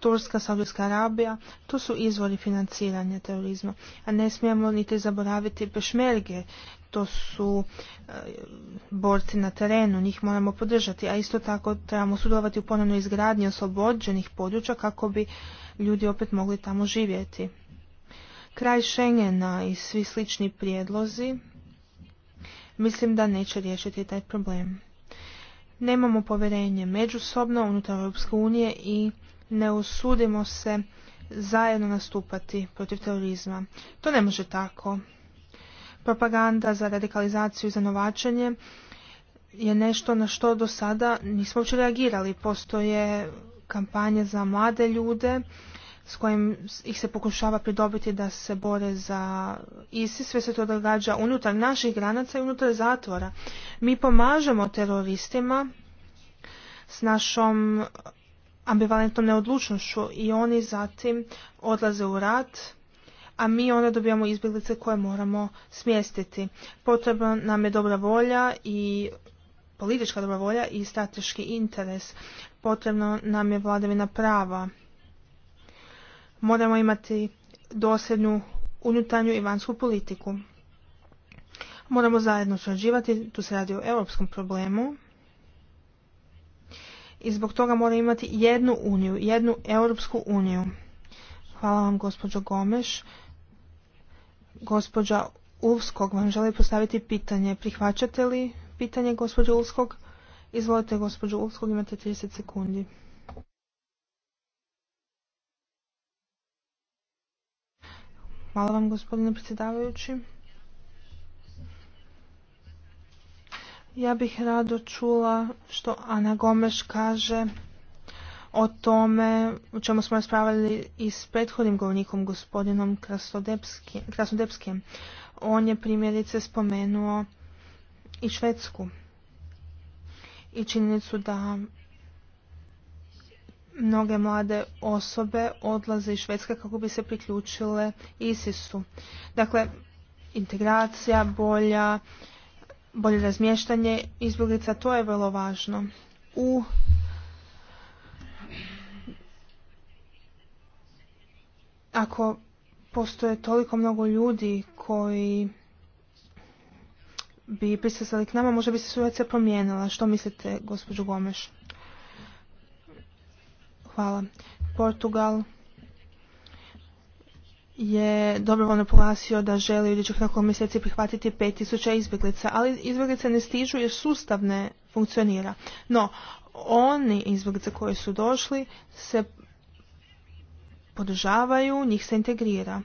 S1: Turska, Saudijska Arabija, to su izvori financiranja terorizma. A ne smijemo niti zaboraviti pešmerge, to su e, borci na terenu, njih moramo podržati, a isto tako trebamo sudovati u ponovnoj izgradnji oslobođenih područja kako bi ljudi opet mogli tamo živjeti. Kraj Schengena i svi slični prijedlozi mislim da neće riješiti taj problem. Nemamo povjerenje međusobno unutar Europske unije i ne usudimo se zajedno nastupati protiv terorizma. To ne može tako. Propaganda za radikalizaciju i za novačenje je nešto na što do sada nismo uopće reagirali. Postoje kampanje za mlade ljude s kojim ih se pokušava pridobiti da se bore za ISIS. Sve se to događa unutar naših granaca i unutar zatvora. Mi pomažemo teroristima s našom ambivalentnom neodlučnošću i oni zatim odlaze u rat, a mi onda dobijamo izbjeglice koje moramo smjestiti. Potrebno nam je dobra volja i politička dobra volja i strateški interes. Potrebno nam je vladavina prava moramo imati dosljednu unutarnju i vanjsku politiku. Moramo zajedno surađivati, tu se radi o europskom problemu. I zbog toga moramo imati jednu uniju, jednu europsku uniju. Hvala vam gospođo Gomeš. Gospođa Ulskog vam želi postaviti pitanje. Prihvaćate li pitanje gospođo Ulskog? Izvolite gospođo Ulskog, imate 30 sekundi. Hvala vam gospodine predsjedavajući. Ja bih rado čula što Ana Gomeš kaže o tome o čemu smo raspravljali i s prethodnim govornikom gospodinom Krasnodepskim. On je primjerice spomenuo i Švedsku i činjenicu da mnoge mlade osobe odlaze iz Švedske kako bi se priključile ISIS-u. Dakle, integracija, bolja, bolje razmještanje izbjeglica, to je vrlo važno. U ako postoje toliko mnogo ljudi koji bi pristazali k nama, možda bi se situacija promijenila. Što mislite, gospođo Gomeš? Hvala. Portugal je dobrovoljno poglasio da želi u idućih nekoliko mjeseci prihvatiti 5000 izbjeglica, ali izbjeglice ne stižu jer sustav ne funkcionira. No, oni izbjeglice koji su došli se podržavaju, njih se integrira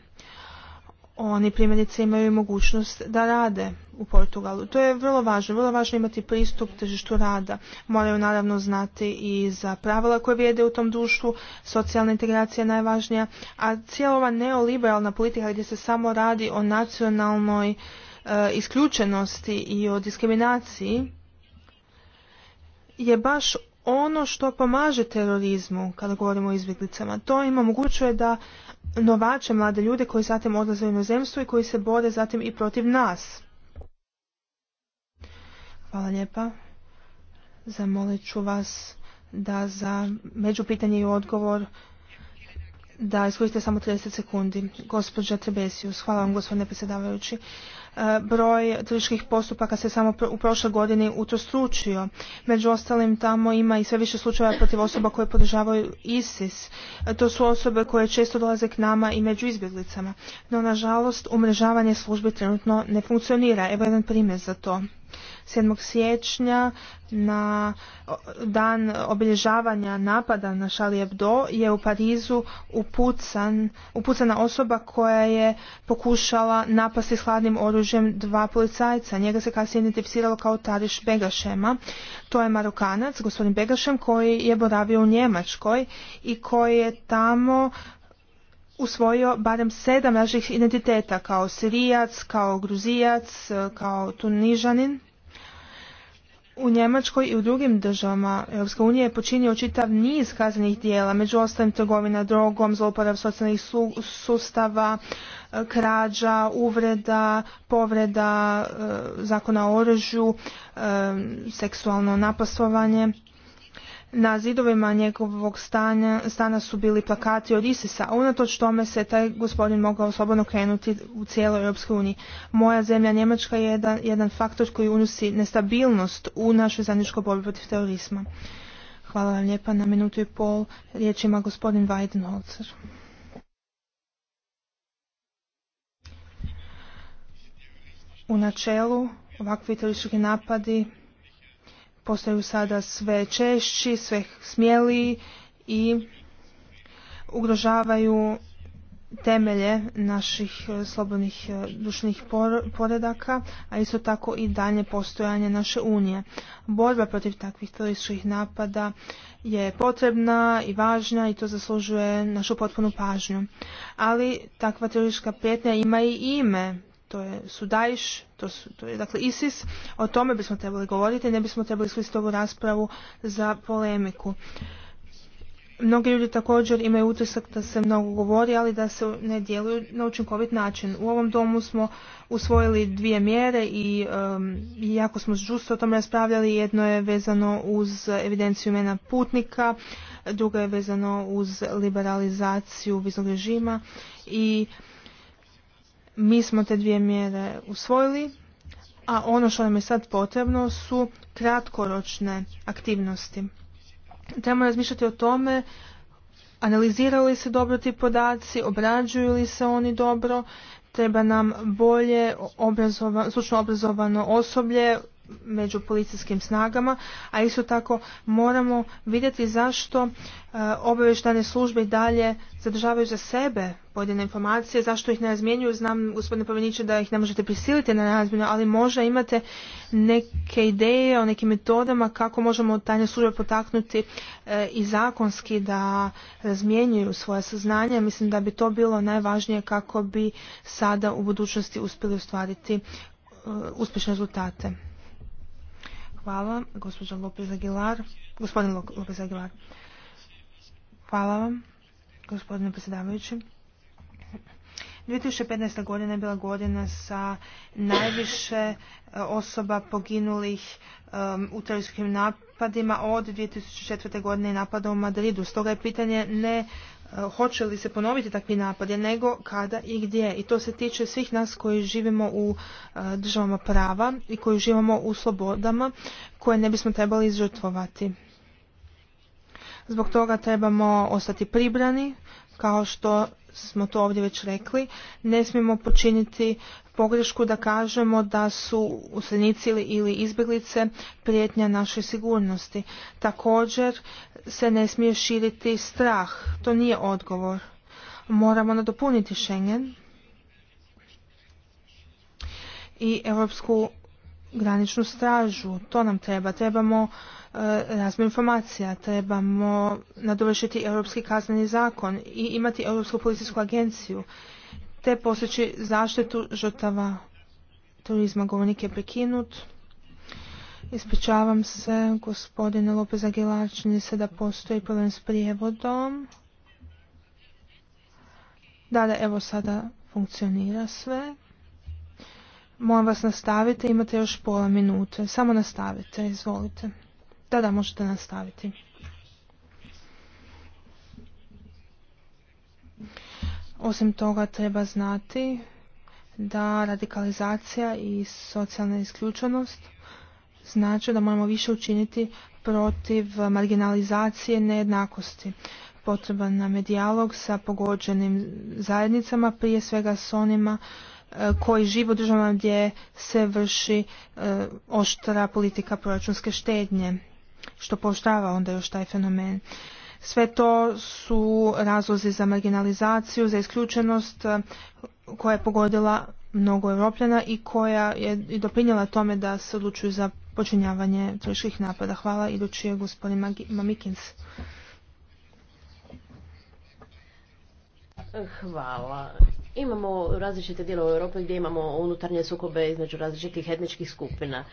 S1: oni primjerice imaju mogućnost da rade u Portugalu. To je vrlo važno. Vrlo važno imati pristup tržištu rada. Moraju naravno znati i za pravila koje vrijede u tom društvu. Socijalna integracija je najvažnija. A cijela ova neoliberalna politika gdje se samo radi o nacionalnoj e, isključenosti i o diskriminaciji je baš ono što pomaže terorizmu kada govorimo o izbjeglicama. To im omogućuje da novače, mlade ljude koji zatim odlaze u inozemstvo i koji se bode zatim i protiv nas. Hvala lijepa. Zamolit ću vas da za među pitanje i odgovor da iskoristite samo 30 sekundi. Gospođa Trebesius, hvala vam gospodine predsjedavajući. E, broj turističkih postupaka se samo u prošloj godini utrostručio. Među ostalim tamo ima i sve više slučajeva protiv osoba koje podržavaju ISIS. E, to su osobe koje često dolaze k nama i među izbjeglicama. No, nažalost, umrežavanje službi trenutno ne funkcionira. Evo jedan primjer za to. 7. siječnja na dan obilježavanja napada na Charlie je u Parizu upucan, upucana osoba koja je pokušala napasti s hladnim oružjem dva policajca. Njega se kasnije identificiralo kao Tariš Begašema. To je Marokanac, gospodin Begašem, koji je boravio u Njemačkoj i koji je tamo usvojio barem sedam naših identiteta kao Sirijac, kao Gruzijac, kao Tunižanin u Njemačkoj i u drugim državama EU unije je počinio čitav niz kaznenih dijela, među ostalim trgovina drogom, zlouporav socijalnih sustava, e, krađa, uvreda, povreda e, zakona o oružju, e, seksualno napastovanje. Na zidovima njegovog stanja stana su bili plakati od isis a unatoč tome se taj gospodin mogao slobodno krenuti u cijeloj EU. uniji. Moja zemlja Njemačka je jedan, jedan faktor koji unosi nestabilnost u našoj zajedničkoj borbi protiv terorizma. Hvala vam lijepa na minutu i pol. Riječ ima gospodin Weidenholzer. U načelu ovakvi teroristički napadi postaju sada sve češći, sve smjeliji i ugrožavaju temelje naših e, slobodnih e, dušnih poredaka, a isto tako i dalje postojanje naše unije. Borba protiv takvih terorističkih napada je potrebna i važna i to zaslužuje našu potpunu pažnju. Ali takva teroristička prijetnja ima i ime to je Sudajš, to, su, to je dakle ISIS, o tome bismo trebali govoriti, ne bismo trebali iskoristiti ovu raspravu za polemiku. Mnogi ljudi također imaju utisak da se mnogo govori, ali da se ne djeluju na učinkovit način. U ovom domu smo usvojili dvije mjere i um, jako smo žusto o tom raspravljali. Jedno je vezano uz evidenciju imena putnika, drugo je vezano uz liberalizaciju viznog režima i mi smo te dvije mjere usvojili, a ono što nam je sad potrebno su kratkoročne aktivnosti. Trebamo razmišljati o tome analizirali se dobro ti podaci, obrađuju li se oni dobro, treba nam bolje obrazova, stručno obrazovano osoblje među policijskim snagama, a isto tako moramo vidjeti zašto e, obavještajne službe i dalje zadržavaju za sebe pojedine informacije, zašto ih ne razmjenjuju. Znam, gospodine Poveniće, da ih ne možete prisiliti na razmjenu, ali možda imate neke ideje o nekim metodama kako možemo tajne službe potaknuti e, i zakonski da razmjenjuju svoje saznanja. Mislim da bi to bilo najvažnije kako bi sada u budućnosti uspjeli ostvariti e, uspješne rezultate. Hvala, gospođa Lopez Aguilar. Gospodin Lopez Aguilar. Hvala vam, gospodine predsjedavajući. 2015. godina je bila godina sa najviše e, osoba poginulih u terorijskim napadima od 2004. godine napada u Madridu. Stoga je pitanje ne E, hoće li se ponoviti takvi napadi, nego kada i gdje. I to se tiče svih nas koji živimo u e, državama prava i koji živimo u slobodama koje ne bismo trebali izžrtvovati. Zbog toga trebamo ostati pribrani, kao što smo to ovdje već rekli. Ne smijemo počiniti pogrešku da kažemo da su useljenici ili izbjeglice prijetnja našoj sigurnosti. Također se ne smije širiti strah, to nije odgovor. Moramo nadopuniti Schengen i Europsku graničnu stražu. To nam treba. Trebamo e, razmi informacija, trebamo nadovršiti Europski kazneni zakon i imati Europsku policijsku agenciju te posjeći zaštitu žrtava turizma. Govornik je prekinut. Ispričavam se, gospodine Lopez Aguilar, čini se da postoji problem s prijevodom. Da, da, evo sada funkcionira sve. Molim vas nastavite, imate još pola minute. Samo nastavite, izvolite. Da, da, možete nastaviti. Osim toga treba znati da radikalizacija i socijalna isključenost znači da moramo više učiniti protiv marginalizacije nejednakosti. Potreban nam je dijalog sa pogođenim zajednicama, prije svega s onima e, koji žive u državama gdje se vrši e, oštra politika proračunske štednje, što poštava onda još taj fenomen. Sve to su razlozi za marginalizaciju, za isključenost e, koja je pogodila mnogo Europljana i koja je i doprinjela tome da se odlučuju za počinjavanje teških napada. Hvala, idući je gospodin Mamikins.
S3: Hvala. Imamo različite dijelove Europe gdje imamo unutarnje sukobe između različitih etničkih skupina.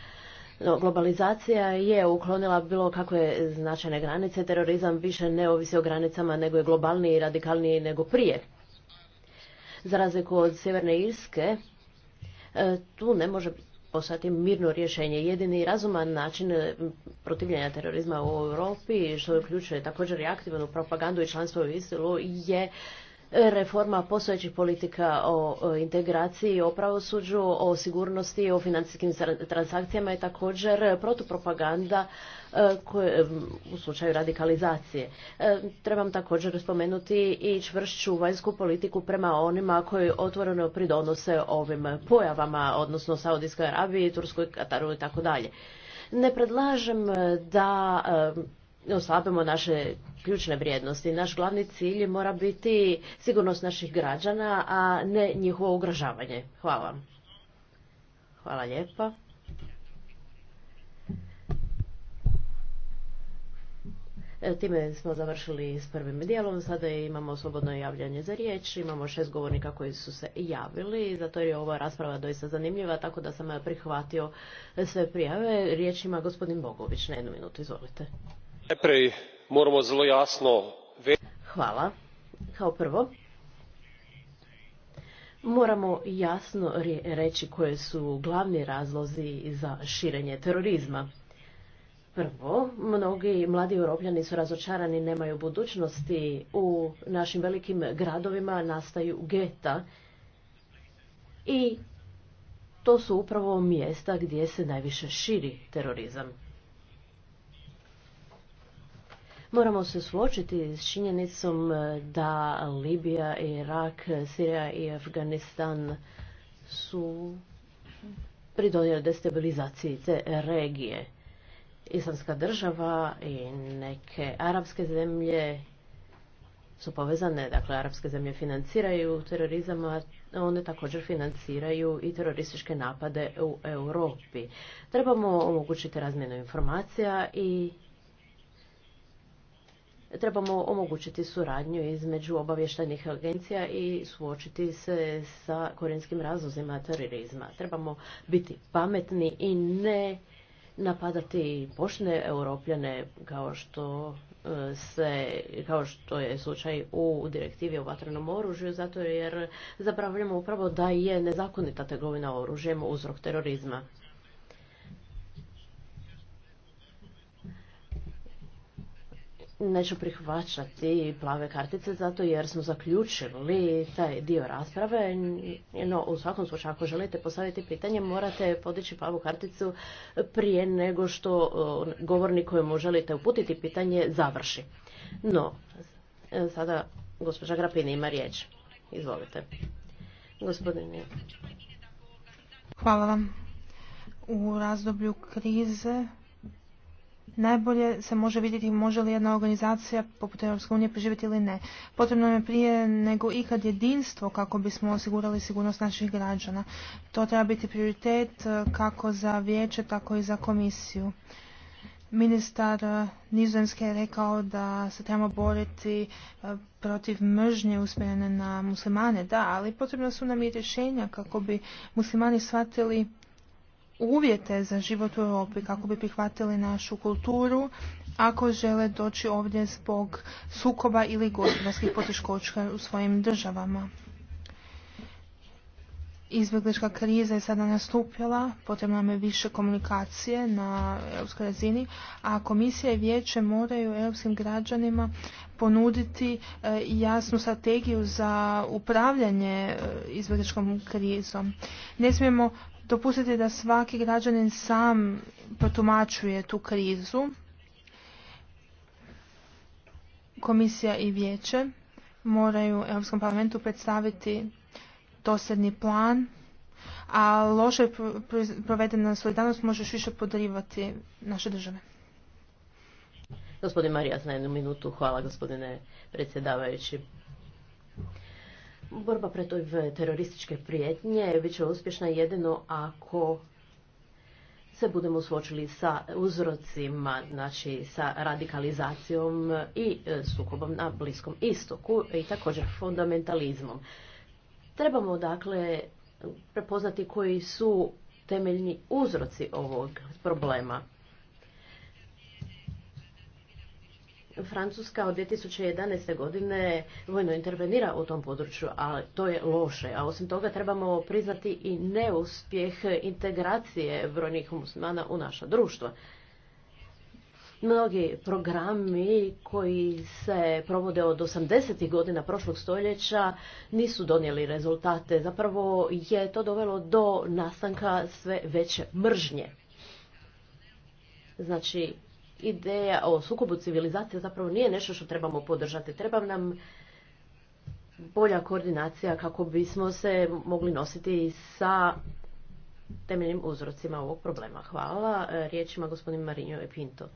S3: Globalizacija je uklonila bilo kakve značajne granice. Terorizam više ne ovisi o granicama nego je globalniji i radikalniji nego prije. Za razliku od Sjeverne Irske, e, tu ne može postati mirno rješenje. Jedini razuman način e, protivljenja terorizma u Europi, što uključuje također i aktivnu propagandu i članstvo u istilu, je reforma postojećih politika o integraciji, o pravosuđu, o sigurnosti, o financijskim transakcijama je također protupropaganda e, u slučaju radikalizacije. E, trebam također spomenuti i čvršću vanjsku politiku prema onima koji otvoreno pridonose ovim pojavama, odnosno Saudijskoj Arabiji, Turskoj, Kataru i tako dalje. Ne predlažem da oslabimo naše ključne vrijednosti. Naš glavni cilj mora biti sigurnost naših građana, a ne njihovo ugražavanje. Hvala vam. Hvala lijepa. E, time smo završili s prvim dijelom. Sada imamo slobodno javljanje za riječ. Imamo šest govornika koji su se javili. Zato je ova rasprava doista zanimljiva, tako da sam prihvatio sve prijave. Riječ ima gospodin Bogović na jednu minutu. Izvolite. Hvala. Kao prvo, moramo jasno reći koje su glavni razlozi za širenje terorizma. Prvo, mnogi mladi europljani su razočarani, nemaju budućnosti. U našim velikim gradovima nastaju geta i to su upravo mjesta gdje se najviše širi terorizam. Moramo se suočiti s činjenicom e, da Libija, Irak, Sirija i Afganistan su pridonijeli destabilizaciji te regije. Islamska država i neke arapske zemlje su povezane, dakle arapske zemlje financiraju terorizam, a one također financiraju i terorističke napade u Europi. Trebamo omogućiti razmjenu informacija i trebamo omogućiti suradnju između obavještajnih agencija i suočiti se sa korijenskim razlozima terorizma. Trebamo biti pametni i ne napadati pošne europljane kao što e, se, kao što je slučaj u direktivi o vatrenom oružju, zato jer zapravljamo upravo da je nezakonita trgovina oružjem uzrok terorizma. neću prihvaćati plave kartice zato jer smo zaključili taj dio rasprave. No, u svakom slučaju, ako želite postaviti pitanje, morate podići plavu karticu prije nego što govornik kojemu želite uputiti pitanje završi. No, e, sada gospođa Grapini ima riječ. Izvolite. Gospodine.
S1: Hvala vam. U razdoblju krize najbolje se može vidjeti može li jedna organizacija poput EU unije preživjeti ili ne. Potrebno je prije nego ikad jedinstvo kako bismo osigurali sigurnost naših građana. To treba biti prioritet e, kako za vijeće, tako i za komisiju. Ministar e, Nizozemske je rekao da se trebamo boriti e, protiv mržnje usmjerene na muslimane, da, ali potrebno su nam i rješenja kako bi muslimani shvatili uvjete za život u Europi, kako bi prihvatili našu kulturu, ako žele doći ovdje zbog sukoba ili gospodarskih poteškoća u svojim državama. Izbjeglička kriza je sada nastupila, potrebno nam je više komunikacije na europskoj razini, a komisija i vijeće moraju europskim građanima ponuditi e, jasnu strategiju za upravljanje e, izbjegličkom krizom. Ne smijemo dopustiti da svaki građanin sam protumačuje tu krizu. Komisija i vijeće moraju Europskom parlamentu predstaviti dosljedni plan, a loše provedena solidarnost može više podrivati naše države.
S3: Gospodin Marijas na jednu minutu. Hvala gospodine predsjedavajući. Borba protiv terorističke prijetnje bit će uspješna jedino ako se budemo suočili sa uzrocima, znači sa radikalizacijom i e, sukobom na Bliskom istoku i također fundamentalizmom. Trebamo dakle prepoznati koji su temeljni uzroci ovog problema. Francuska od 2011. godine vojno intervenira u tom području, a to je loše. A osim toga trebamo priznati i neuspjeh integracije brojnih muslimana u naša društva. Mnogi programi koji se provode od 80. godina prošlog stoljeća nisu donijeli rezultate. Zapravo je to dovelo do nastanka sve veće mržnje. Znači, ideja o sukobu civilizacije zapravo nije nešto što trebamo podržati. Treba nam bolja koordinacija kako bismo se mogli nositi sa temeljnim uzrocima ovog problema. Hvala. Riječima ima gospodin e Pinto.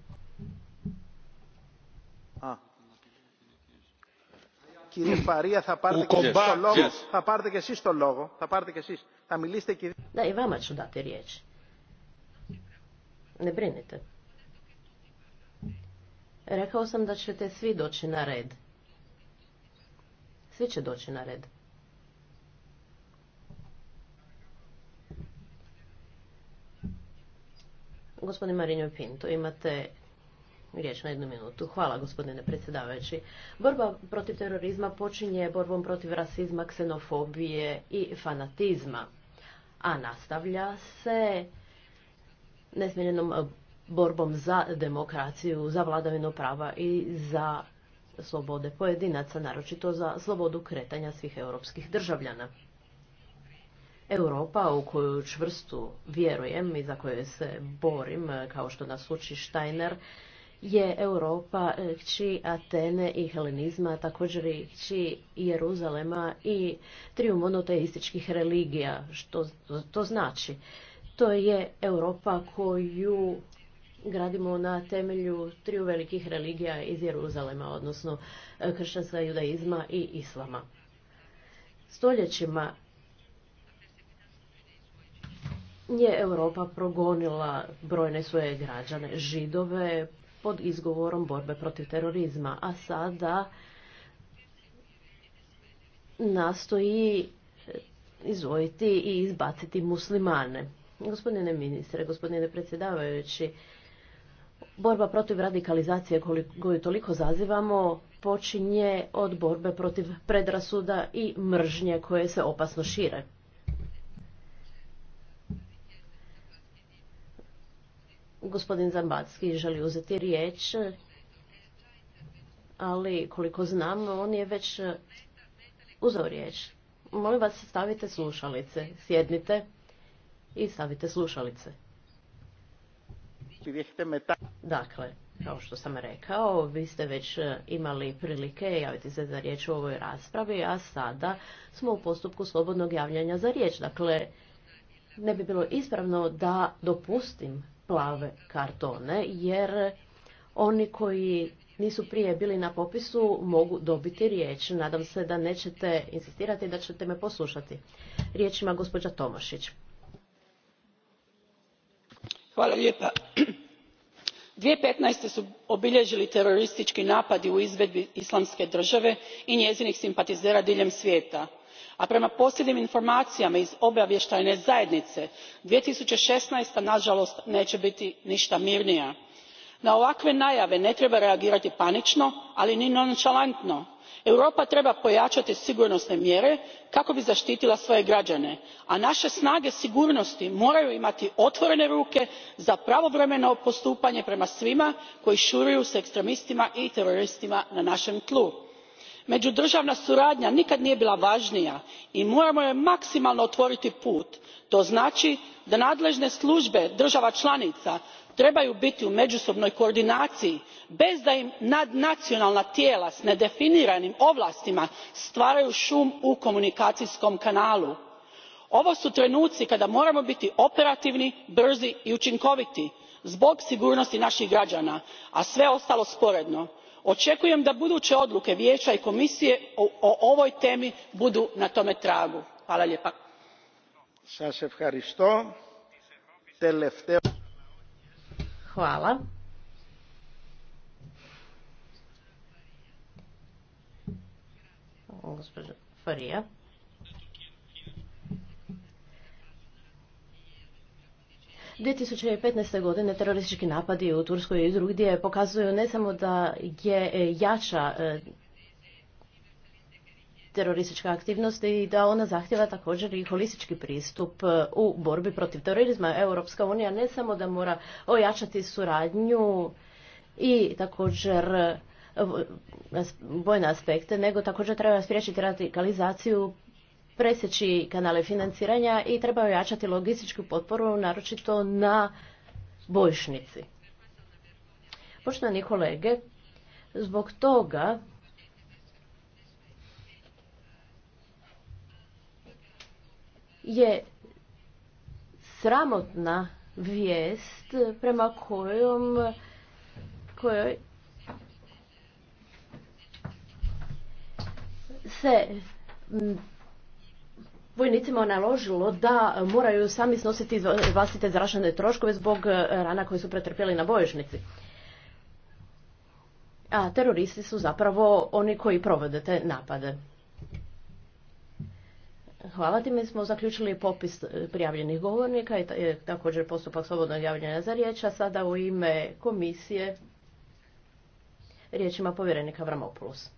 S2: A. Da,
S3: i vama ću dati riječ. Ne brinite. Rekao sam da ćete svi doći na red. Svi će doći na red. Gospodin Marinjo Pinto, imate riječ na jednu minutu. Hvala, gospodine predsjedavajući. Borba protiv terorizma počinje borbom protiv rasizma, ksenofobije i fanatizma, a nastavlja se nesmiljenom borbom za demokraciju, za vladavinu prava i za slobode pojedinaca, naročito za slobodu kretanja svih europskih državljana. Europa u koju čvrstu vjerujem i za koju se borim, kao što nas uči Steiner, je Europa e, kći Atene i helenizma, također i kći Jeruzalema i triju monoteističkih religija. Što to znači? To je Europa koju gradimo na temelju triju velikih religija iz Jeruzalema, odnosno e, kršćanstva, judaizma i islama. Stoljećima je Europa progonila brojne svoje građane, židove, pod izgovorom borbe protiv terorizma, a sada nastoji e, izvojiti i izbaciti muslimane. Gospodine ministre, gospodine predsjedavajući, Borba protiv radikalizacije koju toliko zazivamo počinje od borbe protiv predrasuda i mržnje koje se opasno šire. Gospodin Zambatski želi uzeti riječ, ali koliko znam, on je već uzao riječ. Molim vas, stavite slušalice, sjednite i stavite slušalice. Dakle, kao što sam rekao, vi ste već e, imali prilike javiti se za riječ u ovoj raspravi, a sada smo u postupku slobodnog javljanja za riječ. Dakle, ne bi bilo ispravno da dopustim plave kartone, jer oni koji nisu prije bili na popisu mogu dobiti riječ. Nadam se da nećete insistirati da ćete me poslušati. Riječ ima gospođa Tomašić
S2: gospodine predsjedniče. two fifteen su obilježili teroristički napadi u izvedbi islamske države i njezinih simpatizera diljem svijeta a prema posljednjim informacijama iz obavještajne zajednice. two thousand and sixteen nažalost neće biti ništa mirnija. na ovakve najave ne treba reagirati panično ali ni nonšalantno europa treba pojačati sigurnosne mjere kako bi zaštitila svoje građane a naše snage sigurnosti moraju imati otvorene ruke za pravovremeno postupanje prema svima koji šuruju s ekstremistima i teroristima na našem tlu. međudržavna suradnja nikad nije bila važnija i moramo joj maksimalno otvoriti put. to znači da nadležne službe država članica trebaju biti u međusobnoj koordinaciji bez da im nadnacionalna tijela s nedefiniranim ovlastima stvaraju šum u komunikacijskom kanalu. ovo su trenuci kada moramo biti operativni brzi i učinkoviti zbog sigurnosti naših građana a sve ostalo sporedno. očekujem da buduće odluke vijeća i komisije o ovoj temi budu na tome tragu. hvala lijepa. Hvala.
S3: Gospođa Farija. U 2015. godine teroristički napadi u Turskoj i drugdje pokazuju ne samo da je e, jača e, teroristička aktivnosti i da ona zahtjeva također i holistički pristup e, u borbi protiv terorizma. Europska unija ne samo da mora ojačati suradnju i također bojne e, aspekte, nego također treba spriječiti radikalizaciju presjeći kanale financiranja i treba ojačati logističku potporu, naročito na bojšnici. Poštovani kolege, zbog toga je sramotna vijest prema kojom kojoj se vojnicima naložilo da moraju sami snositi vlastite zrašene troškove zbog rana koje su pretrpjeli na bojišnici. A teroristi su zapravo oni koji provode te napade. Hvala. Time smo zaključili popis e, prijavljenih govornika i e, također postupak slobodnog javljanja za riječ, a sada u ime komisije riječima povjerenika Vramopoulos.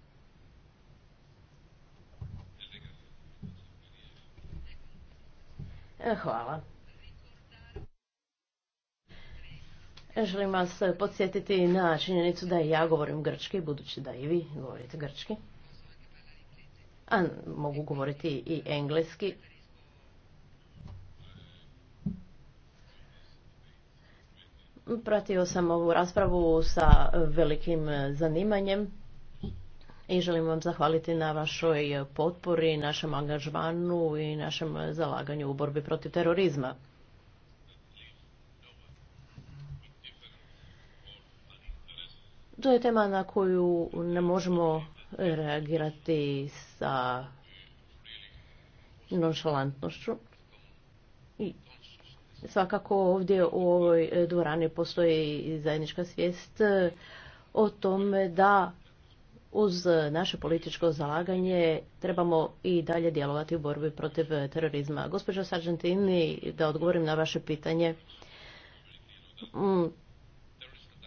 S3: E, hvala. Želim vas podsjetiti na činjenicu da i ja govorim grčki, budući da i vi govorite grčki a mogu govoriti i engleski. Pratio sam ovu raspravu sa velikim zanimanjem i želim vam zahvaliti na vašoj potpori, našem angažmanu i našem zalaganju u borbi protiv terorizma. To je tema na koju ne možemo reagirati sa nonšalantnošću. I svakako ovdje u ovoj dvorani postoji zajednička svijest e, o tome da uz naše političko zalaganje trebamo i dalje djelovati u borbi protiv terorizma. Gospođo Sargentini, da odgovorim na vaše pitanje. Mm,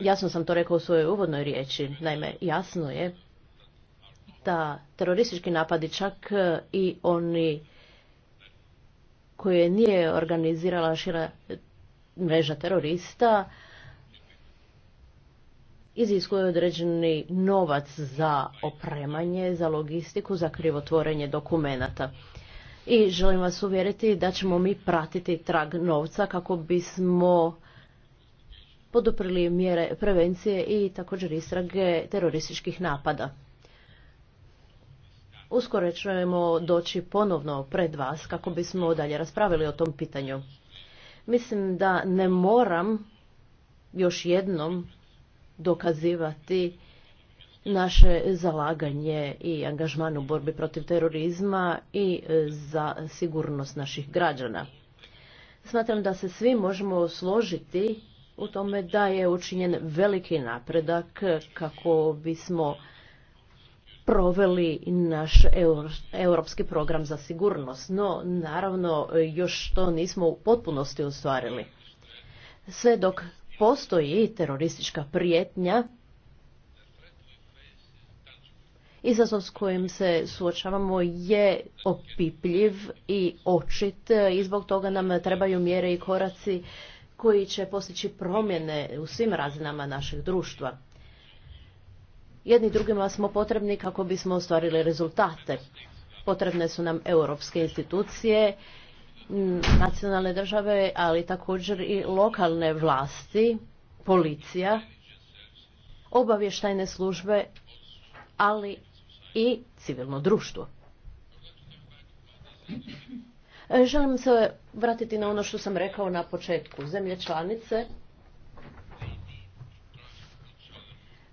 S3: jasno sam to rekao u svojoj uvodnoj riječi. Naime, jasno je da teroristički napadi čak e, i oni koje nije organizirala šira mreža terorista iziskuje određeni novac za opremanje, za logistiku, za krivotvorenje dokumenata. I želim vas uvjeriti da ćemo mi pratiti trag novca kako bismo poduprili mjere prevencije i također istrage terorističkih napada. Uskoro ćemo doći ponovno pred vas kako bismo dalje raspravili o tom pitanju. Mislim da ne moram još jednom dokazivati naše zalaganje i angažman u borbi protiv terorizma i e, za sigurnost naših građana. Smatram da se svi možemo složiti u tome da je učinjen veliki napredak kako bismo proveli naš europski program za sigurnost, no naravno još to nismo u potpunosti ostvarili. Sve dok postoji teroristička prijetnja, izazov s kojim se suočavamo je opipljiv i očit i zbog toga nam trebaju mjere i koraci koji će postići promjene u svim razinama našeg društva jedni drugima smo potrebni kako bismo ostvarili rezultate. Potrebne su nam europske institucije, nacionalne države, ali također i lokalne vlasti, policija, obavještajne službe, ali i civilno društvo. E, želim se vratiti na ono što sam rekao na početku. Zemlje članice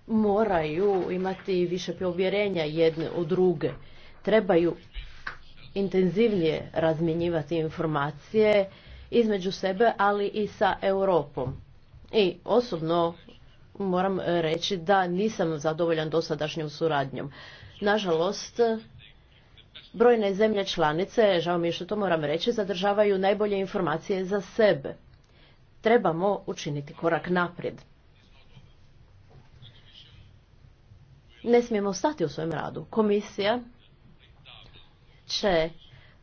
S3: moraju imati više povjerenja jedne u druge. Trebaju intenzivnije razmjenjivati informacije između sebe, ali i sa Europom. I osobno moram reći da nisam zadovoljan dosadašnjom suradnjom. Nažalost, brojne zemlje članice, žao mi je što to moram reći, zadržavaju najbolje informacije za sebe. Trebamo učiniti korak naprijed. ne smijemo stati u svojem radu. Komisija će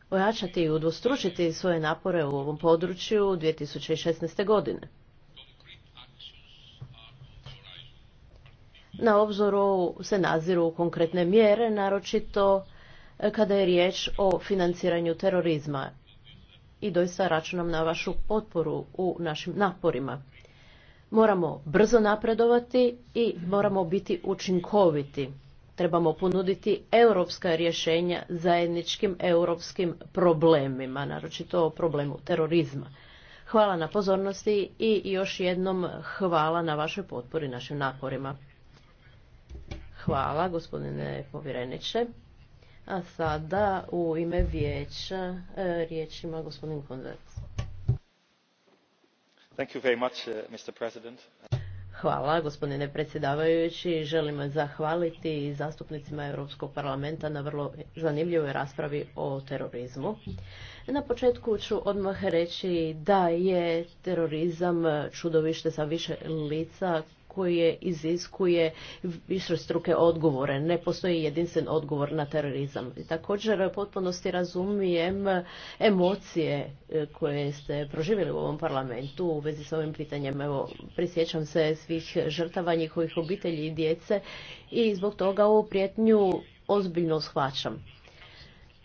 S3: ojačati i udvostručiti svoje napore u ovom području 2016. godine. Na obzoru se naziru konkretne mjere, naročito e, kada je riječ o financiranju terorizma. I doista računam na vašu potporu u našim naporima. Moramo brzo napredovati i moramo biti učinkoviti. Trebamo ponuditi europska rješenja zajedničkim europskim problemima, naročito o problemu terorizma. Hvala na pozornosti i još jednom hvala na vašoj potpori našim naporima. Hvala gospodine povjereniče. A sada u ime vijeća e, riječ ima gospodin Konzert.
S2: Uh,
S3: Hvala, gospodine predsjedavajući. Želim zahvaliti zastupnicima Europskog parlamenta na vrlo zanimljivoj raspravi o terorizmu. Na početku ću odmah reći da je terorizam čudovište sa više lica koje iziskuje struke odgovore. Ne postoji jedinstven odgovor na terorizam. Također potpunosti razumijem e, emocije e, koje ste proživjeli u ovom parlamentu u vezi s ovim pitanjem. Evo, prisjećam se svih žrtava njihovih obitelji i djece i zbog toga ovu prijetnju ozbiljno shvaćam.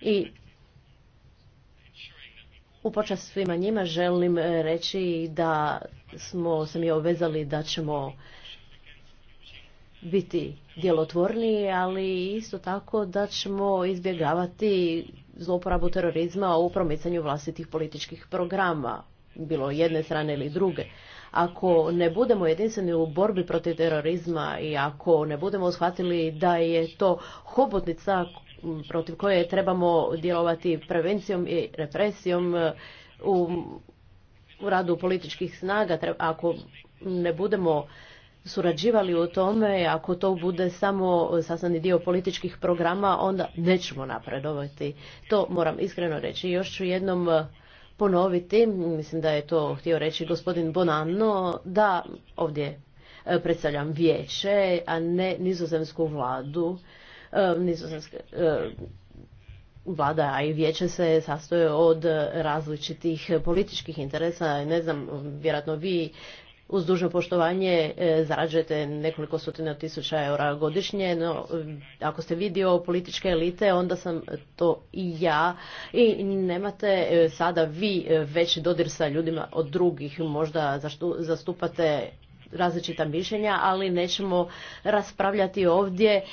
S3: I u počast svima njima želim e, reći da smo se mi obvezali da ćemo biti djelotvorniji, ali isto tako da ćemo izbjegavati zloporabu terorizma u promicanju vlastitih političkih programa, bilo jedne strane ili druge. Ako ne budemo jedinstveni u borbi protiv terorizma i ako ne budemo shvatili da je to hobotnica protiv koje trebamo djelovati prevencijom i represijom e, u, radu političkih snaga, ako ne budemo surađivali u tome, ako to bude samo sastavni dio političkih programa, onda nećemo napredovati. To moram iskreno reći. Još ću jednom e, ponoviti, mislim da je to htio reći gospodin Bonanno, da ovdje e, predstavljam vijeće, a ne nizozemsku vladu. E, Nizozemska vlada a i vijeće se sastoje od različitih političkih interesa. Ne znam, vjerojatno vi uz dužno poštovanje e, zarađujete nekoliko stotina tisuća eura godišnje, no e, ako ste vidio političke elite, onda sam to i ja i nemate e, sada vi veći dodir sa ljudima od drugih, možda zastupate različita mišljenja, ali nećemo raspravljati ovdje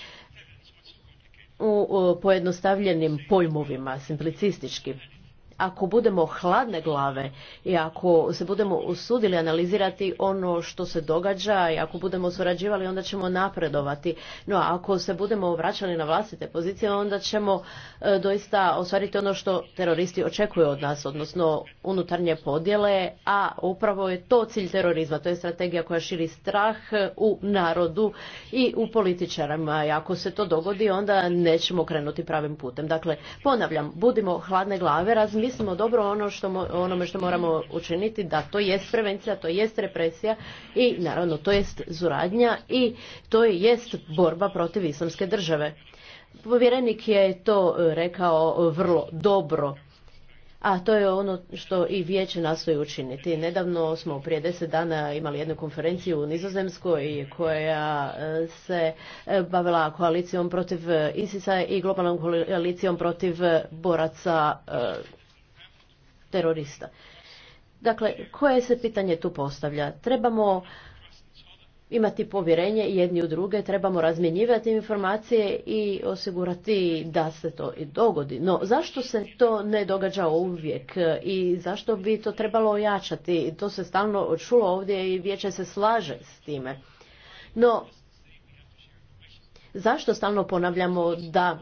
S3: u pojednostavljenim pojmovima, simplicističkim ako budemo hladne glave i ako se budemo usudili analizirati ono što se događa i ako budemo surađivali onda ćemo napredovati. No a ako se budemo vraćali na vlastite pozicije onda ćemo e, doista ostvariti ono što teroristi očekuju od nas, odnosno unutarnje podjele, a upravo je to cilj terorizma, to je strategija koja širi strah u narodu i u političarima. I ako se to dogodi onda nećemo krenuti pravim putem. Dakle, ponavljam, budimo hladne glave, razmišljamo mislimo dobro ono što, onome što moramo učiniti, da to jest prevencija, to jest represija i naravno to jest suradnja i to jest borba protiv islamske države. Povjerenik je to e, rekao e, vrlo dobro. A to je ono što i vijeće nastoji učiniti. Nedavno smo prije deset dana imali jednu konferenciju u Nizozemskoj koja e, se bavila koalicijom protiv ISIS-a i globalnom koalicijom protiv boraca terorista. Dakle, koje se pitanje tu postavlja? Trebamo imati povjerenje jedni u druge, trebamo razmjenjivati informacije i osigurati da se to i dogodi. No zašto se to ne događa uvijek i zašto bi to trebalo ojačati? To se stalno čulo ovdje i vijeće se slaže s time. No, zašto stalno ponavljamo da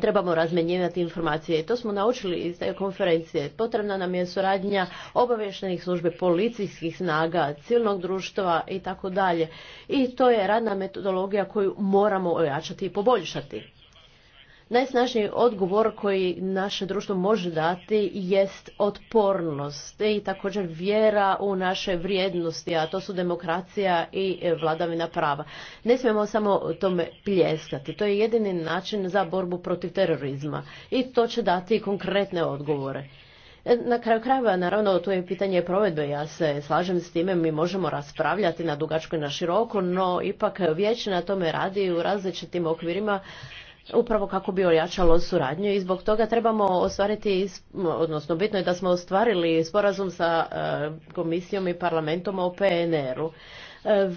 S3: trebamo razmjenjivati informacije. To smo naučili iz te konferencije. Potrebna nam je suradnja obavještenih službe, policijskih snaga, civilnog društva i tako dalje. I to je radna metodologija koju moramo ojačati i poboljšati. Najsnažniji odgovor koji naše društvo može dati jest otpornost i također vjera u naše vrijednosti, a to su demokracija i e, vladavina prava. Ne smijemo samo tome pljeskati. To je jedini način za borbu protiv terorizma i to će dati konkretne odgovore. E, na kraju krajeva, naravno, to je pitanje provedbe. Ja se slažem s time, mi možemo raspravljati na dugačko i na široko, no ipak vijeće na tome radi u različitim okvirima upravo kako bi ojačalo suradnju i zbog toga trebamo ostvariti, odnosno bitno je da smo ostvarili sporazum sa e, komisijom i parlamentom o PNR-u. E,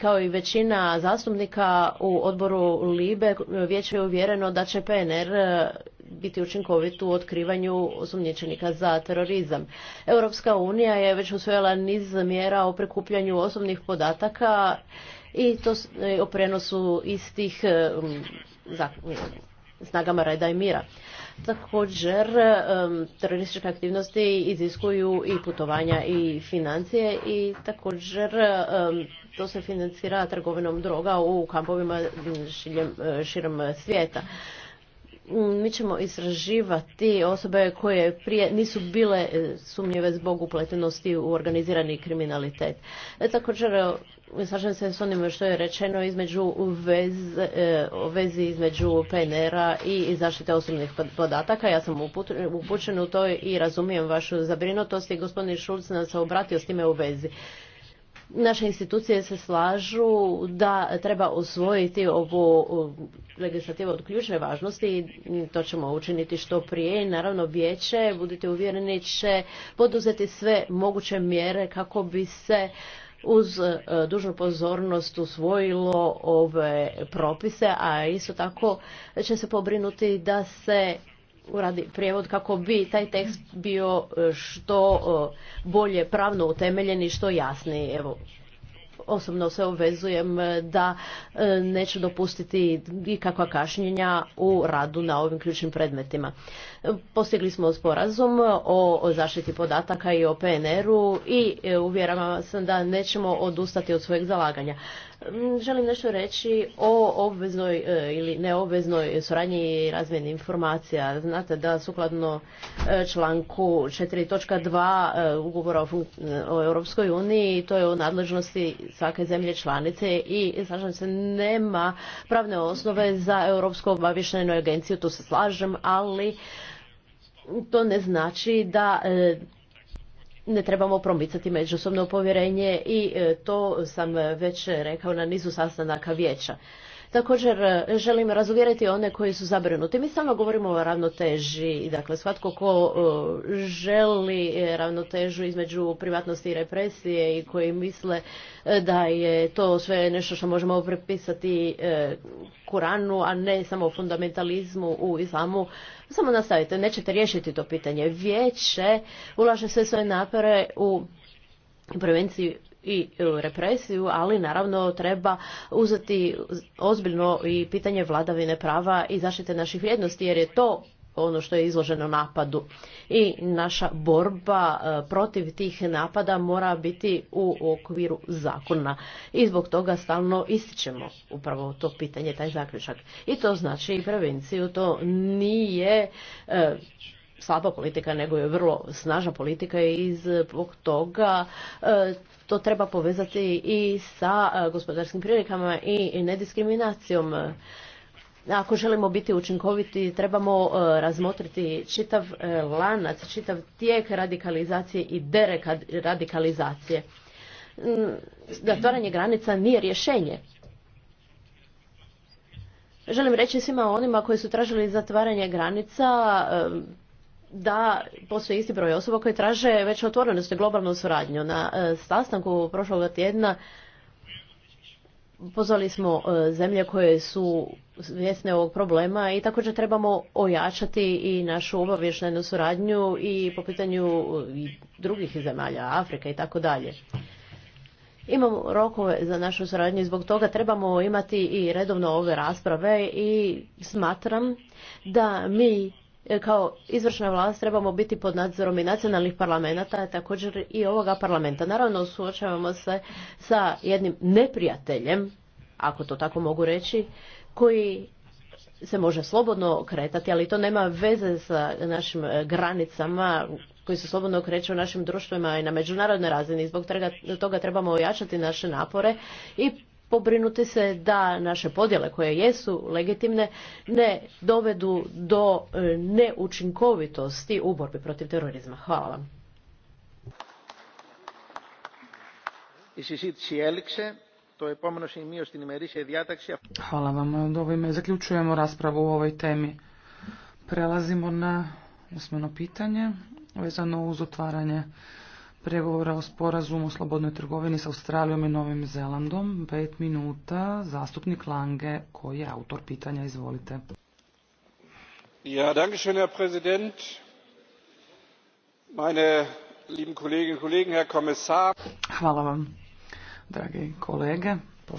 S3: kao i većina zastupnika u odboru LIBE, već je uvjereno da će PNR e, biti učinkovit u otkrivanju osumnjičenika za terorizam. Europska unija je već usvojila niz mjera o prikupljanju osobnih podataka i to o prenosu istih snagama reda i mira. Također, terorističke aktivnosti iziskuju i putovanja i financije i također to se financira trgovinom droga u kampovima e, širom e, svijeta. Mm, mi ćemo istraživati osobe koje prije nisu bile e, sumnjive zbog upletenosti u organizirani kriminalitet. E, također, e, slažem se s onim što je rečeno između vezi između PNR-a i zaštite osobnih podataka. Ja sam upućen u to i razumijem vašu zabrinutost i gospodin Šulc nam se obratio s time u vezi naše institucije se slažu da treba usvojiti ovu legislativa od ključne važnosti i to ćemo učiniti što prije. Naravno, vijeće, budite uvjereni, će poduzeti sve moguće mjere kako bi se uz e, dužnu pozornost usvojilo ove propise, a isto tako će se pobrinuti da se uradi prijevod kako bi taj tekst bio e, što e, bolje pravno utemeljen i što jasniji. Evo, osobno se obvezujem e, da e, neću dopustiti ikakva kašnjenja u radu na ovim ključnim predmetima. E, postigli smo sporazum o zaštiti podataka i o PNR-u i uvjeravam sam da nećemo odustati od svojeg zalaganja. Mm, želim nešto reći o obveznoj e, ili neobveznoj suradnji i razmjeni informacija. Znate da sukladno e, članku 4.2 e, ugovora o Europskoj uniji to je u nadležnosti svake zemlje članice i slažem se nema pravne osnove za Europsku obavještajnu agenciju, tu se slažem, ali to ne znači da ne trebamo promicati međusobno povjerenje i e, to sam već rekao na nizu sastanaka vijeća. Također e, želim razuvjeriti one koji su zabrinuti. Mi samo govorimo o ravnoteži, dakle svatko ko e, želi e, ravnotežu između privatnosti i represije i koji misle da je to sve nešto što možemo prepisati Kuranu, a ne samo fundamentalizmu u islamu, samo nastavite, nećete riješiti to pitanje. Vijeće ulaže sve svoje napore u prevenciju i represiju, ali naravno treba uzeti ozbiljno i pitanje vladavine prava i zaštite naših vrijednosti, jer je to ono što je izloženo napadu. I naša borba e, protiv tih napada mora biti u okviru zakona. I zbog toga stalno ističemo upravo to pitanje, taj zaključak. I to znači i prevenciju. To nije e, slaba politika, nego je vrlo snažna politika i zbog toga e, to treba povezati i sa e, gospodarskim prilikama i nediskriminacijom. Ako želimo biti učinkoviti, trebamo e, razmotriti čitav lanac, čitav tijek radikalizacije i deradikalizacije. Zatvaranje mm, granica nije rješenje. Želim reći svima onima koji su tražili zatvaranje granica da postoji isti broj osoba koje traže već otvorenost i globalnu suradnju. Na e, sastanku prošloga tjedna pozvali smo e, zemlje koje su svjesne ovog problema i također trebamo ojačati i našu obavještajnu suradnju i po pitanju e, drugih zemalja, Afrika i tako dalje. Imamo rokove za našu suradnju i zbog toga trebamo imati i redovno ove rasprave i smatram da mi E, kao izvršna vlast trebamo biti pod nadzorom i nacionalnih parlamenta, također i ovoga parlamenta. Naravno, suočavamo se sa jednim neprijateljem, ako to tako mogu reći, koji se može slobodno kretati, ali to nema veze sa našim e, granicama koji se slobodno kreću u našim društvima i na međunarodnoj razini. Zbog toga trebamo ojačati naše napore i pobrinuti se da naše podjele koje jesu legitimne ne dovedu do e, neučinkovitosti u borbi protiv terorizma. Hvala vam.
S4: Hvala vam. Ovime zaključujemo raspravu o ovoj temi. Prelazimo na usmeno pitanje vezano uz otvaranje pregovora o sporazumu o slobodnoj trgovini s Australijom i Novim Zelandom. Pet minuta, zastupnik Lange, koji je autor pitanja, izvolite.
S2: Ja, danke schön, Herr Präsident. Meine lieben Kollegen, Herr Kommissar.
S4: Hvala vam, dragi kolege.